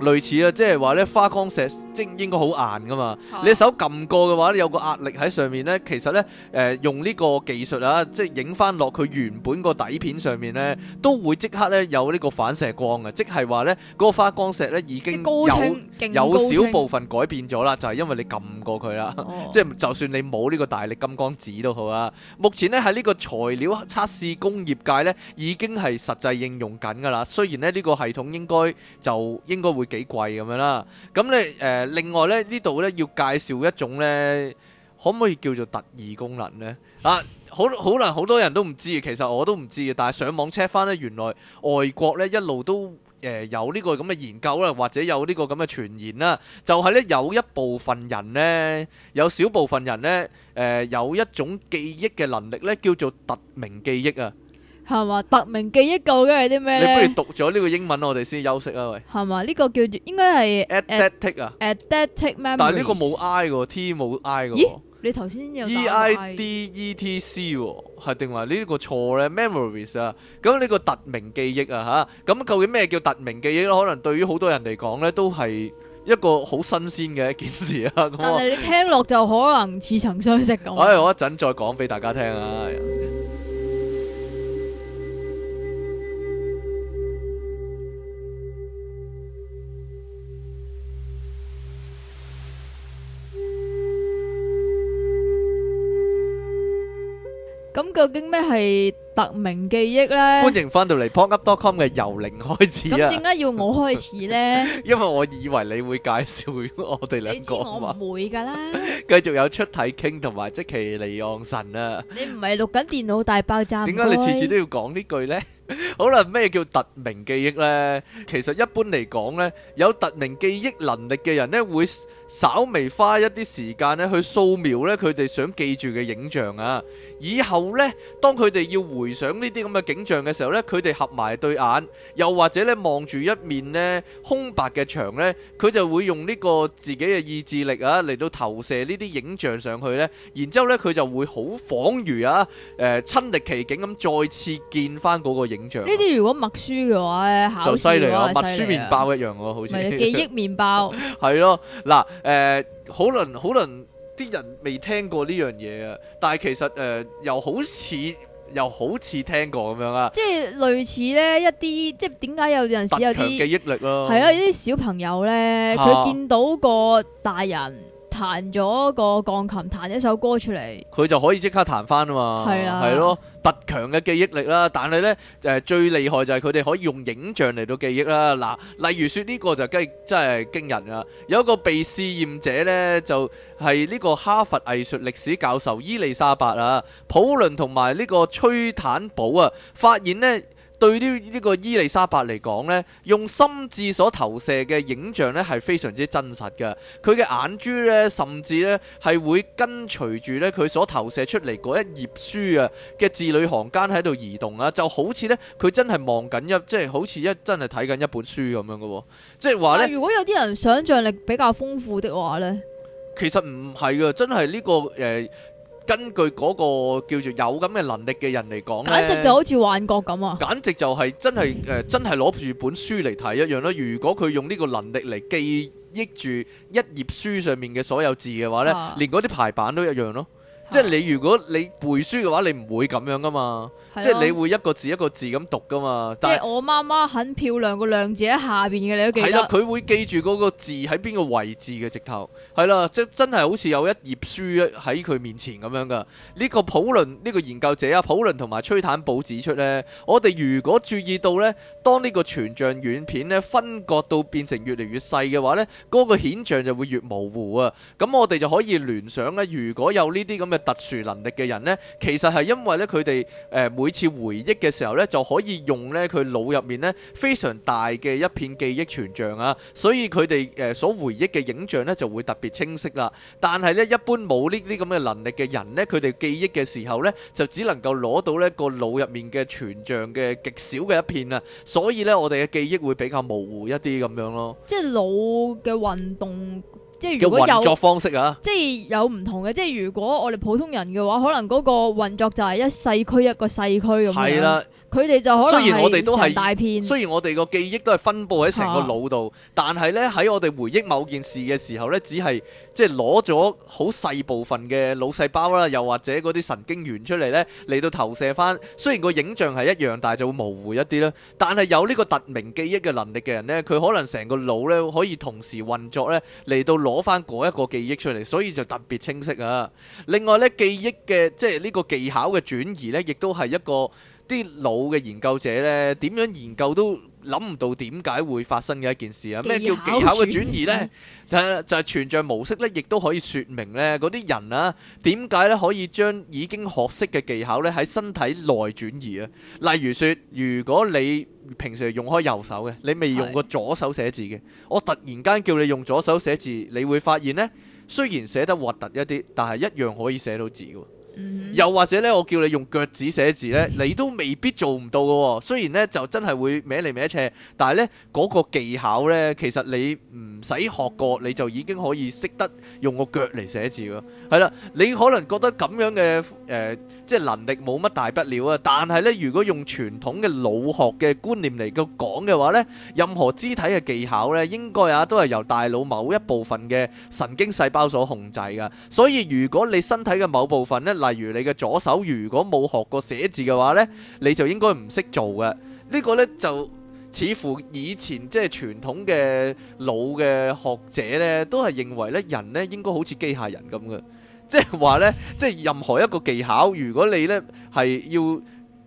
類似、就是啊，呃、啊，即係話咧，花崗石即應該好硬噶嘛。你手撳過嘅話咧，有個壓力喺上面咧，其實咧，誒用呢個技術啊，即係影翻落佢原本個底片上面咧，都會即刻咧有呢個反射光嘅，即係話咧，嗰個花崗石咧已經有有少部分改變咗啦，就係、是、因為你撳過佢啦。哦、即係就算你冇呢個大力金剛指都好啊。目前咧喺呢個材料測試工業界咧，已經係實際應用緊噶啦。雖然咧呢、呢個系統應該就應該會。幾貴咁樣啦，咁咧誒，另外咧呢度咧要介紹一種咧，可唔可以叫做特異功能咧？啊，好好難，好多人都唔知，其實我都唔知嘅。但係上網 check 翻咧，原來外國咧一路都誒有呢個咁嘅研究啦，或者有呢個咁嘅傳言啦，就係咧有一部分人咧，有少部分人咧，誒有一種記憶嘅能力咧，叫做特明記憶啊。係嘛？特名記憶究竟係啲咩咧？你不如讀咗呢個英文，我哋先休息啊，喂！係嘛？呢個叫做應該係 eidetic 啊，eidetic memory。但係呢個冇 i 喎，t 冇 i 喎。咦？你頭先有？e i d e t c 喎，係定話呢個錯咧？memories 啊，咁呢個特名記憶啊，吓咁究竟咩叫特名記憶咧？可能對於好多人嚟講咧，都係一個好新鮮嘅一件事啊。但係你聽落就可能似曾相識咁。誒，我一陣再講俾大家聽啊。咁究竟咩係？ 特明記憶咧，歡迎翻到嚟 popup.com 嘅由零開始。咁點解要我開始咧？因為我以為你會介紹我哋兩個。你知我唔會㗎啦。繼續有出體傾同埋即其離岸神啊！你唔係錄緊電腦大爆炸？點解你次次都要講呢句咧？好啦，咩叫特明記憶咧？其實一般嚟講咧，有特明記憶能力嘅人咧，會稍微花一啲時間咧去掃描咧佢哋想記住嘅影像啊。以後咧，當佢哋要回。遇上呢啲咁嘅景象嘅時候呢，佢哋合埋對眼，又或者呢望住一面呢空白嘅牆呢，佢就會用呢個自己嘅意志力啊嚟到投射呢啲影像上去呢，然之後呢，佢就會好恍如啊誒、呃、親歷其境咁再次見翻嗰個影像。呢啲如果默書嘅話呢，就犀利喇，默書麵包一樣喎，好似記憶麵包係咯嗱，誒，可能可能啲人未聽過呢樣嘢啊，但係其實誒、呃、又好似。又好似聽過咁樣啦，即係類似咧一啲，即係點解有陣時有啲記憶力咯、啊，係咯，有啲小朋友咧，佢、啊、見到個大人。彈咗個鋼琴，彈一首歌出嚟，佢就可以即刻彈翻啊嘛，係啦，係咯，特強嘅記憶力啦。但係呢，誒、呃、最厲害就係佢哋可以用影像嚟到記憶啦。嗱，例如説呢個就梗係真係驚人啊！有一個被試驗者呢，就係呢個哈佛藝術歷史教授伊麗莎白啊普倫同埋呢個崔坦堡啊，發現呢。對於呢個伊麗莎白嚟講咧，用心智所投射嘅影像咧，係非常之真實嘅。佢嘅眼珠咧，甚至咧係會跟隨住咧佢所投射出嚟嗰一頁書啊嘅字裏行間喺度移動啊，就好似咧佢真係望緊一，即係好似一真係睇緊一本書咁樣嘅。即係話咧，如果有啲人想象力比較豐富的話呢，其實唔係嘅，真係呢個誒。呃根據嗰個叫做有咁嘅能力嘅人嚟講咧，簡直就好似幻覺咁啊！簡直就係真係誒、嗯呃，真係攞住本書嚟睇一樣咯、啊。如果佢用呢個能力嚟記憶住一頁書上面嘅所有字嘅話呢、啊、連嗰啲排版都一樣咯、啊。即係你如果你背書嘅話，你唔會咁樣噶嘛，的即係你會一個字一個字咁讀噶嘛。的但係我媽媽很漂亮個亮字喺下邊嘅，你都記得。係啦，佢會記住個字喺邊個位置嘅，直頭。係啦，即係真係好似有一頁書喺佢面前咁樣噶。呢個普論呢個研究者啊，普論同埋崔坦布指出咧，我哋如果注意到咧，當呢個全像軟片咧分割到變成越嚟越細嘅話咧，嗰個顯像就會越模糊啊。咁我哋就可以聯想咧，如果有呢啲咁嘅。特殊能力嘅人呢，其實係因為呢佢哋誒每次回憶嘅時候呢，就可以用呢佢腦入面呢非常大嘅一片記憶全像啊，所以佢哋誒所回憶嘅影像呢就會特別清晰啦。但係呢一般冇呢啲咁嘅能力嘅人呢，佢哋記憶嘅時候呢就只能夠攞到呢個腦入面嘅全像嘅極小嘅一片啊，所以呢我哋嘅記憶會比較模糊一啲咁樣咯。即係腦嘅運動。即係如果有，運作方式啊、即係有唔同嘅。即係如果我哋普通人嘅話，可能嗰個運作就係一細區一個細區咁樣，係啦。佢哋就可能係成大片雖。雖然我哋個記憶都係分布喺成個腦度，啊、但係呢，喺我哋回憶某件事嘅時候呢，只係即係攞咗好細部分嘅腦細胞啦，又或者嗰啲神經元出嚟呢，嚟到投射翻。雖然個影像係一樣，但係就會模糊一啲啦。但係有呢個特明記憶嘅能力嘅人呢，佢可能成個腦呢可以同時運作呢，嚟到攞翻嗰一個記憶出嚟，所以就特別清晰啊。另外呢，記憶嘅即係呢個技巧嘅轉移呢，亦都係一個。啲老嘅研究者呢，點樣研究都諗唔到點解會發生嘅一件事啊。咩技巧 叫技巧嘅轉移呢？ 就係、是、就係、是、全像模式呢，亦都可以説明呢嗰啲人啊，點解呢？可以將已經學識嘅技巧呢喺身體內轉移啊。例如說，如果你平時用開右手嘅，你未用過左手寫字嘅，是的 我突然間叫你用左手寫字，你會發現呢，雖然寫得核突一啲，但係一樣可以寫到字喎。又或者咧，我叫你用腳趾寫字咧，你都未必做唔到嘅。雖然咧就真係會歪嚟歪斜，但係咧嗰個技巧咧，其實你唔使學過，你就已經可以識得用個腳嚟寫字咯。係啦，你可能覺得咁樣嘅誒、呃，即係能力冇乜大不了啊。但係咧，如果用傳統嘅腦學嘅觀念嚟到講嘅話咧，任何肢體嘅技巧咧，應該啊都係由大腦某一部分嘅神經細胞所控制㗎。所以如果你身體嘅某部分咧例如你嘅左手如果冇學過寫字嘅話呢，你就應該唔識做嘅。呢、呢個呢，就似乎以前即係傳統嘅老嘅學者呢，都係認為呢，人呢應該好似機械人咁嘅，即係話呢， 即係任何一個技巧，如果你呢係要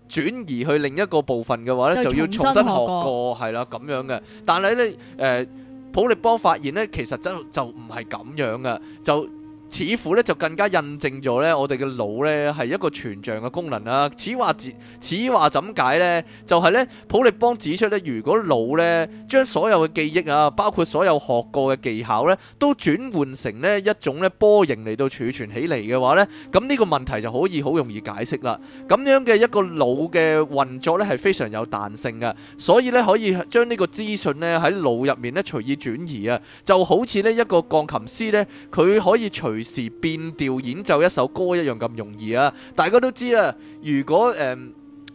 轉移去另一個部分嘅話呢，就要重新學過係啦咁樣嘅。但係呢，誒、呃，普力邦發現呢，其實真就唔係咁樣嘅，就。似乎咧就更加印證咗咧，我哋嘅腦咧係一個全像嘅功能啦。此話此話怎解咧？就係咧普利邦指出咧，如果腦咧將所有嘅記憶啊，包括所有學過嘅技巧咧，都轉換成咧一種咧波形嚟到儲存起嚟嘅話咧，咁呢個問題就可以好容易解釋啦。咁樣嘅一個腦嘅運作咧係非常有彈性嘅，所以咧可以將呢個資訊咧喺腦入面咧隨意轉移啊，就好似咧一個鋼琴師咧，佢可以隨。時變調演奏一首歌一樣咁容易啊！大家都知啊，如果誒、呃、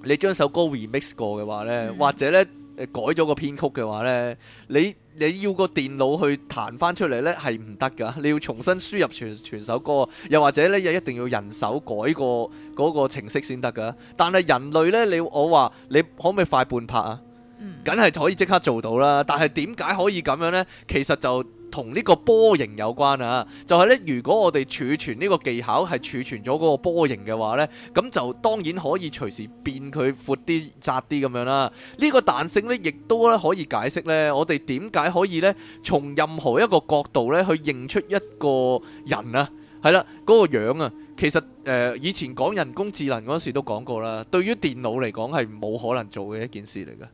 你將首歌 remix 過嘅話呢，mm hmm. 或者呢，改咗個編曲嘅話呢，你你要個電腦去彈翻出嚟呢係唔得噶，你要重新輸入全全首歌，又或者呢又一定要人手改個嗰個程式先得噶。但係人類呢，你我話你可唔可以快半拍啊？梗係、mm hmm. 可以即刻做到啦。但係點解可以咁樣呢？其實就。同呢個波形有關啊，就係、是、呢。如果我哋儲存呢個技巧係儲存咗嗰個波形嘅話呢，咁就當然可以隨時變佢闊啲窄啲咁樣啦、啊。呢、這個彈性呢，亦都咧可以解釋呢。我哋點解可以呢？從任何一個角度呢，去認出一個人啊？係啦，嗰、那個樣啊，其實誒、呃、以前講人工智能嗰陣時都講過啦，對於電腦嚟講係冇可能做嘅一件事嚟㗎。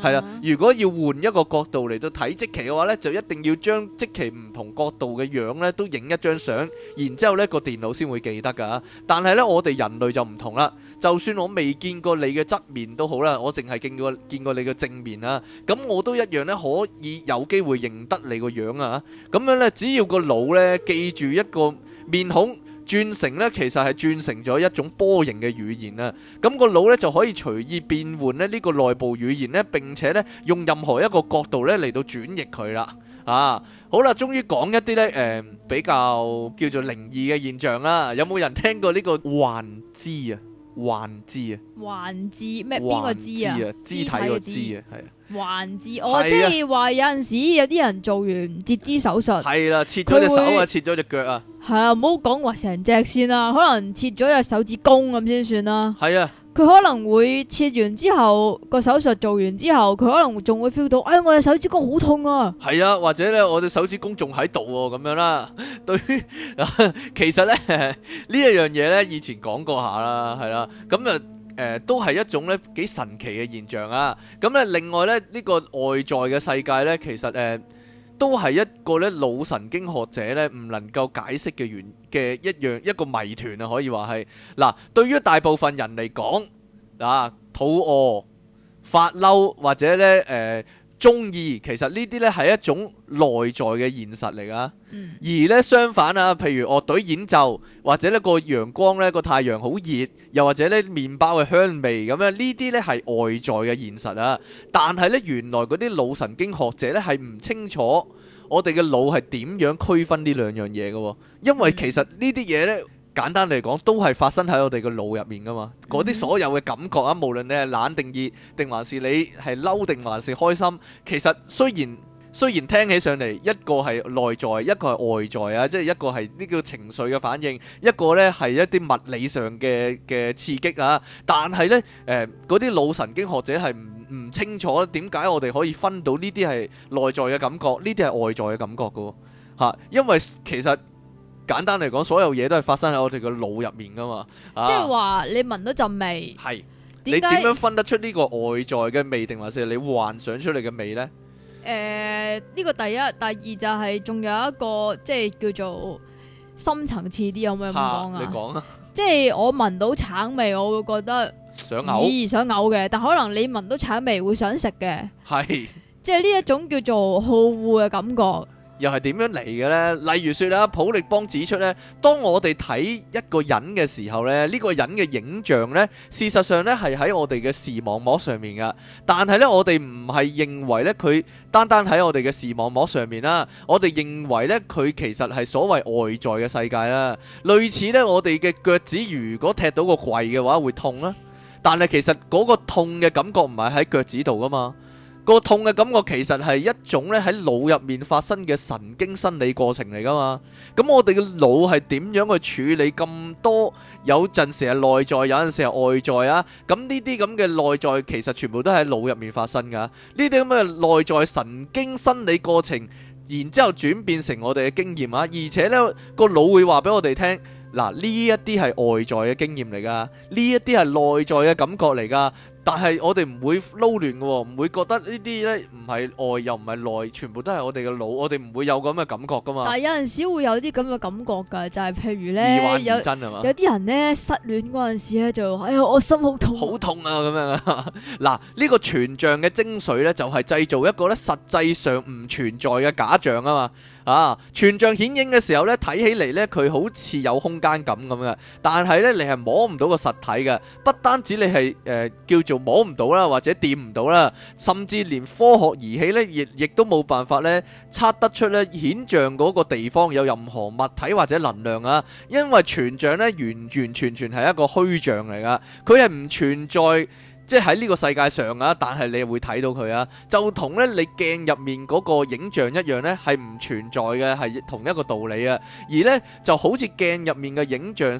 係啦，如果要換一個角度嚟到睇即其嘅話呢，就一定要將即其唔同角度嘅樣呢，都影一張相，然之後呢個電腦先會記得㗎。但係呢，我哋人類就唔同啦，就算我未見過你嘅側面都好啦，我淨係見過見過你嘅正面啦，咁我都一樣呢，可以有機會認得你個樣啊！咁樣呢，只要個腦呢，記住一個面孔。轉成咧，其實係轉成咗一種波形嘅語言啦。咁個腦咧就可以隨意變換咧呢個內部語言咧，並且咧用任何一個角度咧嚟到轉譯佢啦。啊，好啦，終於講一啲咧誒比較叫做靈異嘅現象啦。有冇人聽過呢個幻肢啊？幻肢啊？幻肢咩？邊個肢啊？肢體個肢啊，係啊。幻肢，我即係話有陣時有啲人做完截肢手術，係啦，切咗隻手啊，切咗隻腳啊，係啊，唔好講話成隻先啦，可能切咗隻手指公咁先算啦，係啊，佢可能會切完之後個手術做完之後，佢可能仲會 feel 到，哎，我隻手指公好痛啊，係啊，或者咧我隻手指公仲喺度喎，咁樣啦， 對於，其實咧呢一樣嘢咧以前講過下啦，係啦，咁啊。誒、呃，都係一種咧幾神奇嘅現象啊！咁、嗯、咧，另外咧呢、呢個外在嘅世界咧，其實誒、呃、都係一個咧腦神經學者咧唔能夠解釋嘅原嘅一樣一個謎團啊！可以話係嗱，對於大部分人嚟講啊，肚餓、發嬲或者咧誒。呃中意其實呢啲呢係一種內在嘅現實嚟㗎，而呢相反啊，譬如樂隊演奏或者呢個陽光呢個太陽好熱，又或者呢麵包嘅香味咁樣，呢啲呢係外在嘅現實啊。但係呢，原來嗰啲腦神經學者呢係唔清楚我哋嘅腦係點樣區分呢兩樣嘢嘅，因為其實呢啲嘢呢。簡單嚟講，都係發生喺我哋嘅腦入面噶嘛。嗰啲，mm hmm. 所有嘅感覺啊，無論你係冷定熱，定還是你係嬲定還是開心，其實雖然雖然聽起上嚟一個係內在，一個係外在啊，即係一個係呢個情緒嘅反應，一個呢係一啲物理上嘅嘅刺激啊。但係呢，誒、呃，嗰啲腦神經學者係唔唔清楚點解我哋可以分到呢啲係內在嘅感覺，呢啲係外在嘅感覺噶，吓，因為其實。簡單嚟講，所有嘢都係發生喺我哋個腦入面噶嘛，啊、即係話你聞到陣味係，是你點樣分得出呢個外在嘅味定還是你幻想出嚟嘅味咧？誒、呃，呢、這個第一、第二就係仲有一個即係叫做深層次啲有咩唔同啊？你講啊，即係我聞到橙味我會覺得想嘔吐，想嘔嘅，但可能你聞到橙味會想食嘅，係是，即係呢一種叫做好惡嘅感覺。又係點樣嚟嘅呢？例如說啦，普力邦指出呢，當我哋睇一個人嘅時候呢，呢、呢個人嘅影像呢，事實上呢係喺我哋嘅視網膜上面噶。但係呢，我哋唔係認為呢，佢單單喺我哋嘅視網膜上面啦，我哋認為呢，佢其實係所謂外在嘅世界啦。類似呢，我哋嘅腳趾如果踢到個櫃嘅話會痛啦，但係其實嗰個痛嘅感覺唔係喺腳趾度噶嘛。個痛嘅感覺其實係一種咧，喺腦入面發生嘅神經生理過程嚟噶嘛？咁我哋嘅腦係點樣去處理咁多？有陣時係內在，有陣時係外在啊！咁呢啲咁嘅內在其實全部都係喺腦入面發生噶。呢啲咁嘅內在神經生理過程，然之後轉變成我哋嘅經驗啊！而且呢個腦會話俾我哋聽嗱，呢一啲係外在嘅經驗嚟噶，呢一啲係內在嘅感覺嚟噶。但係我哋唔會撈亂嘅喎、哦，唔會覺得呢啲咧唔係外又唔係內，全部都係我哋嘅腦，我哋唔會有咁嘅感覺噶嘛。但係有陣時會有啲咁嘅感覺㗎，就係、是、譬如咧，有有啲人咧失戀嗰陣時咧就，哎呀我心好痛、啊，好痛啊咁樣。嗱 呢、這個全像嘅精髓咧就係、是、製造一個咧實際上唔存在嘅假象啊嘛。啊全像顯影嘅時候咧睇起嚟咧佢好似有空間感咁嘅，但係咧你係摸唔到個實體嘅，不單止你係誒、呃、叫做。摸唔到啦，或者掂唔到啦，甚至連科學儀器呢，亦亦都冇辦法呢，測得出呢顯像嗰個地方有任何物體或者能量啊！因為全像呢，完完全全係一個虛像嚟噶，佢係唔存在，即係喺呢個世界上啊。但係你會睇到佢啊，就同呢你鏡入面嗰個影像一樣呢，係唔存在嘅，係同一個道理啊。而呢就好似鏡入面嘅影像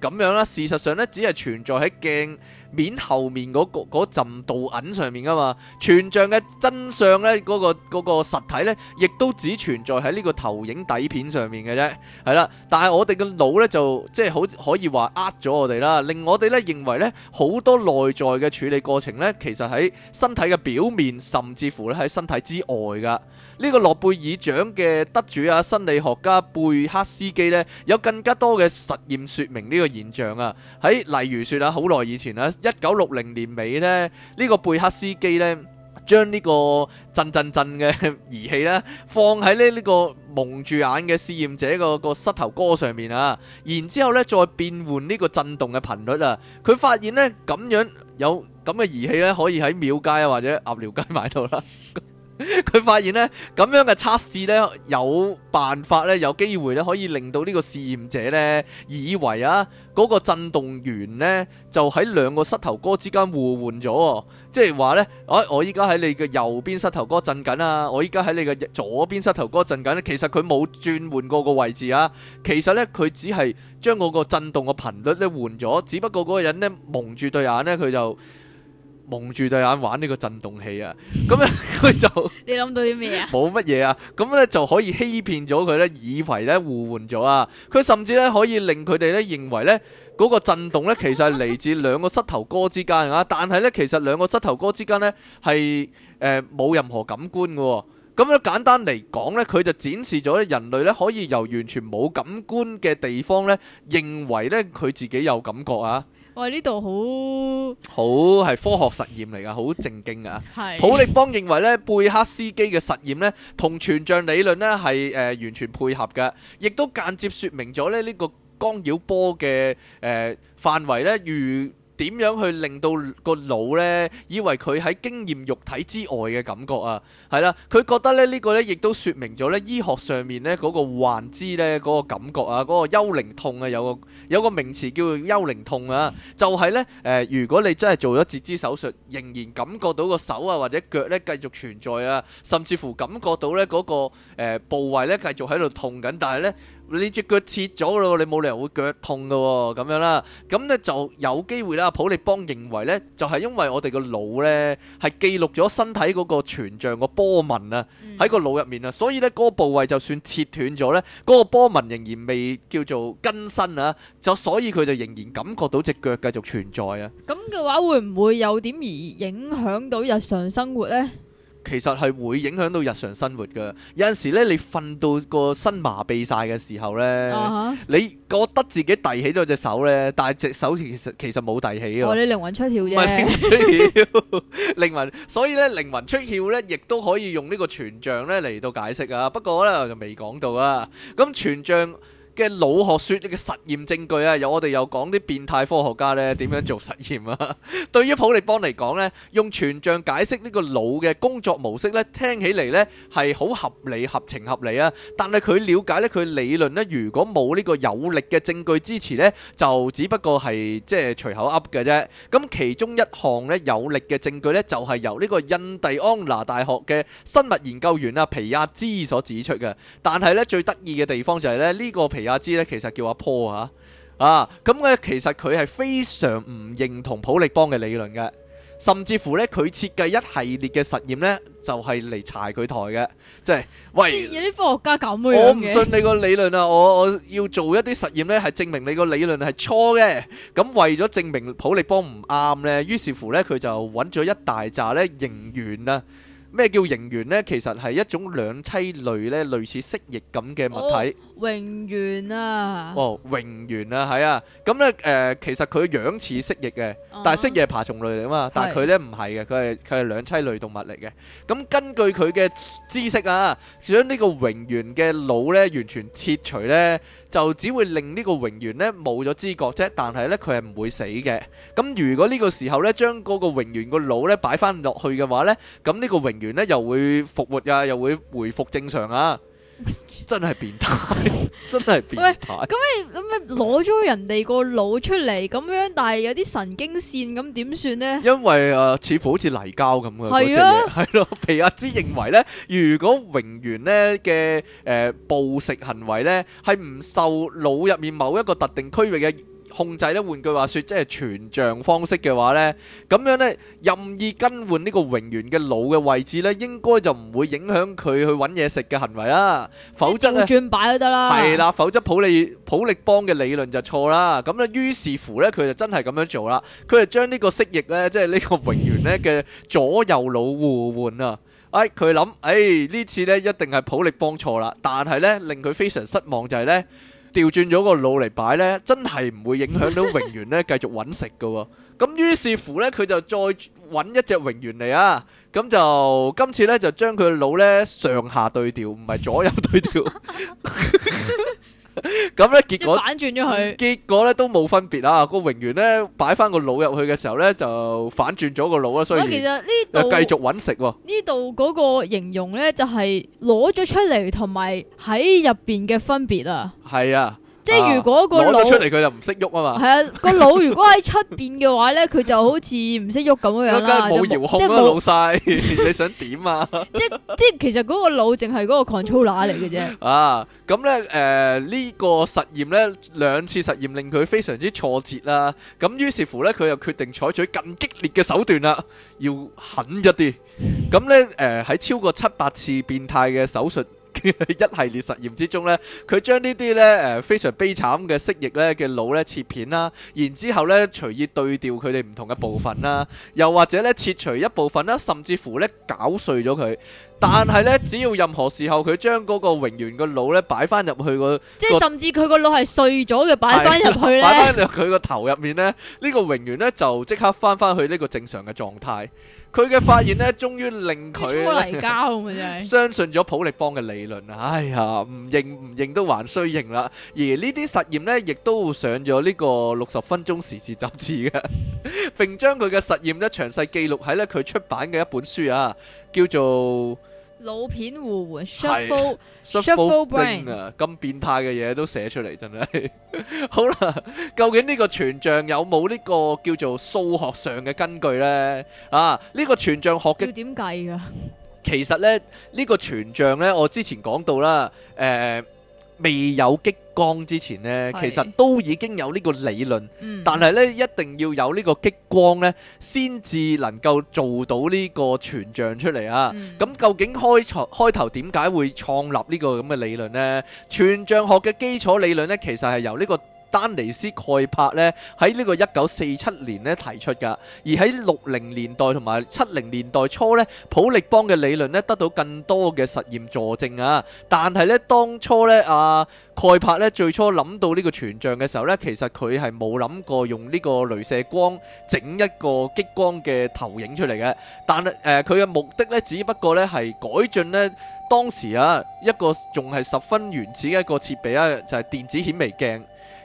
咁樣啦，事實上呢，只係存在喺鏡。面後面嗰、那個嗰陣倒影上面噶嘛，全像嘅真相呢，嗰、那個嗰、那個實體咧，亦都只存在喺呢個投影底片上面嘅啫，係啦。但係我哋嘅腦呢，就即係好可以話呃咗我哋啦，令我哋呢，認為呢好多內在嘅處理過程呢，其實喺身體嘅表面，甚至乎喺身體之外噶。呢個諾貝爾獎嘅得主啊，心理學家貝克斯基呢，有更加多嘅實驗説明呢個現象啊。喺例如説啊，好耐以前啊。一九六零年尾呢，呢個貝克斯基呢，將呢個震震震嘅儀器呢，放喺呢呢個蒙住眼嘅試驗者個個膝頭哥上面啊，然之後呢再變換呢個震動嘅頻率啊，佢發現呢，咁樣有咁嘅儀器呢，可以喺廟街啊，或者鴨寮街買到啦。 佢 發現呢，咁樣嘅測試呢，有辦法呢，有機會呢，可以令到呢個試驗者呢，以為啊，嗰、嗰個震動源呢，就喺兩個膝頭哥之間互換咗，即係話呢，啊、我我依家喺你嘅右邊膝頭哥震緊啊，我依家喺你嘅左邊膝頭哥震緊咧，其實佢冇轉換過個位置啊，其實呢，佢只係將嗰個震動嘅頻率咧換咗，只不過嗰個人呢，蒙住對眼呢，佢就，蒙住對眼玩呢個震動器啊，咁咧佢就你諗到啲咩啊？冇乜嘢啊，咁咧就可以欺騙咗佢咧，以為咧互換咗啊。佢甚至咧可以令佢哋咧認為咧嗰個震動咧其實係嚟自兩個膝頭哥之間啊。但係咧其實兩個膝頭哥之間咧係誒冇任何感官嘅。咁樣簡單嚟講咧，佢就展示咗人類咧可以由完全冇感官嘅地方咧，認為咧佢自己有感覺啊。我呢度好好係科學實驗嚟噶，好正經噶。是普利邦認為咧，貝克斯基嘅實驗咧，同全像理論咧係誒完全配合嘅，亦都間接說明咗咧呢個干擾波嘅誒範圍咧如。點樣去令到個腦呢？以為佢喺經驗肉體之外嘅感覺啊？係啦，佢覺得咧呢個呢，亦都説明咗呢醫學上面呢嗰個幻肢呢，嗰個感覺啊，嗰個幽靈痛啊，有個有個名詞叫做幽靈痛啊，就係呢，誒，如果你真係做咗截肢手術，仍然感覺到個手啊或者腳呢繼續存在啊，甚至乎感覺到呢嗰個誒部位呢繼續喺度痛緊，但係呢。你隻腳切咗咯，你冇理由會腳痛噶咁樣啦。咁呢就有機會啦。阿普利邦認為呢，就係因為我哋個腦呢係記錄咗身體嗰個全像個波紋啊，喺個腦入面啊，所以呢嗰個部位就算切斷咗呢，嗰個波紋仍然未叫做更新啊，就所以佢就仍然感覺到隻腳繼續存在啊。咁嘅話會唔會有點而影響到日常生活呢？其實係會影響到日常生活㗎。有陣時咧，你瞓到個身麻痹晒嘅時候咧，uh huh. 你覺得自己遞起咗隻手咧，但係隻手其實其實冇遞起喎。哦，oh, 你靈魂出竅啫，靈魂。所以咧，靈魂出竅咧，亦都可以用呢個全像咧嚟到解釋啊。不過咧，就未講到啊。咁全像。嘅腦學説嘅實驗證據啊，有我哋又講啲變態科學家咧點樣做實驗啊。 對於普利邦嚟講呢，用全像解釋呢個腦嘅工作模式呢，聽起嚟呢係好合理合情合理啊。但係佢了解呢，佢理論呢，如果冇呢個有力嘅證據支持呢，就只不過係即係隨口噏嘅啫。咁其中一項呢，有力嘅證據呢，就係由呢個印第安納大學嘅生物研究員啊皮亞茲所指出嘅。但係呢，最得意嘅地方就係咧呢個皮阿之咧，其實叫阿 Paul 啊，啊，咁咧其實佢係非常唔認同普利邦嘅理論嘅，甚至乎咧佢設計一系列嘅實驗咧，就係嚟拆佢台嘅，即係喂，有啲科學家咁樣，我唔信你個理論啊，我我要做一啲實驗咧，係證明你個理論係錯嘅，咁為咗證明普利邦唔啱咧，於是乎咧佢就揾咗一大扎咧蠑螈啊。咩叫蠑螈咧？其實係一種兩棲類咧，類似蜥蜴咁嘅物體。蠑螈啊！哦，蠑螈啊，係啊。咁咧，誒，其實佢樣似蜥蜴嘅，但係蜥蜴係爬蟲類嚟啊嘛。但係佢咧唔係嘅，佢係佢係兩棲類動物嚟嘅。咁根據佢嘅知識啊，將呢個蠑螈嘅腦咧完全切除咧，就只會令呢個蠑螈咧冇咗知覺啫。但係咧，佢係唔會死嘅。咁如果呢個時候咧，將嗰個蠑螈個腦咧擺翻落去嘅話咧，咁呢個蠑完咧又會復活呀，又會回復正常啊！真係變態，真係變態。咁你咁你攞咗人哋個腦出嚟，咁樣，但係有啲神經綫咁點算咧？因為誒，似乎好似泥膠咁嘅。係啊，係咯。皮亞芝認為咧，如果榮源咧嘅誒暴食行為咧係唔受腦入面某一個特定區域嘅。控制咧，換句話說，即係全像方式嘅話呢，咁樣呢，任意更換呢個榮源嘅腦嘅位置呢，應該就唔會影響佢去揾嘢食嘅行為啦。否則咧，調轉擺都得啦。係啦，否則普利普力邦嘅理論就錯啦。咁呢，於是乎呢，佢就真係咁樣做啦。佢係將呢個蜥蜴呢，即係呢個榮源呢嘅左右腦互換啊！哎，佢諗，哎呢次呢一定係普力邦錯啦。但係呢，令佢非常失望就係呢。調轉咗個腦嚟擺呢，真係唔會影響到蠑螈呢繼續揾食噶。咁於是乎呢，佢就再揾一隻蠑螈嚟啊。咁就今次呢，就將佢嘅腦呢上下對調，唔係左右對調。 咁咧 結果，反轉咗佢結果咧都冇分別啊！個榮源咧擺翻個腦入去嘅時候咧，就反轉咗個腦啦。所以其實，呢度繼續搵食。呢度嗰個形容咧，就係攞咗出嚟同埋喺入邊嘅分別啊！係啊。即係如果個腦、啊、出嚟佢就唔識喐啊嘛，係啊，個腦如果喺出邊嘅話咧，佢 就好似唔識喐咁樣樣啦，啊、即係冇遙控啦，老細你想點啊？即係即係其實嗰個腦淨係嗰個 controller 嚟嘅啫。 啊，咁咧誒呢、呃呢個實驗咧，兩次實驗令佢非常之挫折啦，咁於是乎咧佢又決定採取更激烈嘅手段啦，要狠一啲。咁咧誒喺超過七八次變態嘅手術，一系列實驗之中呢，佢將呢啲咧誒非常悲慘嘅蜥蜴咧嘅腦咧切片啦，然之後咧隨意對調佢哋唔同嘅部分啦，又或者咧切除一部分啦，甚至乎咧攪碎咗佢。但係咧，只要任何時候佢將嗰個蠑螈個腦咧擺翻入去、嗰個，即係甚至佢個腦係碎咗嘅，擺翻入去咧，擺翻入佢個頭入面呢，呢、呢個蠑螈呢就即刻翻翻去呢個正常嘅狀態。佢嘅發現呢，終於令佢 相信咗普力邦嘅理論。哎呀，唔認唔認都還需認啦。而呢啲實驗呢，亦都上咗呢個六十分鐘時事雜誌嘅， 並將佢嘅實驗呢詳細記錄喺呢佢出版嘅一本書啊，叫做。老片互換 shuffle shuffle brain 啊，咁 Bl ank, 變態嘅嘢都寫出嚟，真係 好啦。究竟呢個全像有冇呢個叫做數學上嘅根據咧？啊，呢、這個全像學嘅點計噶？計其實咧，這個、全呢個全像咧，我之前講到啦，誒、呃。未有激光之前呢，是其實都已經有呢個理論，嗯、但係呢，一定要有呢個激光呢，先至能夠做到呢個全像出嚟啊！咁、嗯、究竟開創開頭點解會創立呢個咁嘅理論呢？全像學嘅基礎理論呢，其實係由呢、呢個。丹尼斯蓋柏咧喺呢個一九四七年咧提出噶，而喺六零年代同埋七零年代初咧，普力邦嘅理論咧得到更多嘅實驗佐證啊。但係咧，當初咧啊蓋柏咧最初諗到呢個全像嘅時候咧，其實佢係冇諗過用呢個雷射光整一個激光嘅投影出嚟嘅。但係誒，佢、呃、嘅目的咧，只不過咧係改進咧當時啊一個仲係十分原始嘅一個設備啊，就係、是、電子顯微鏡。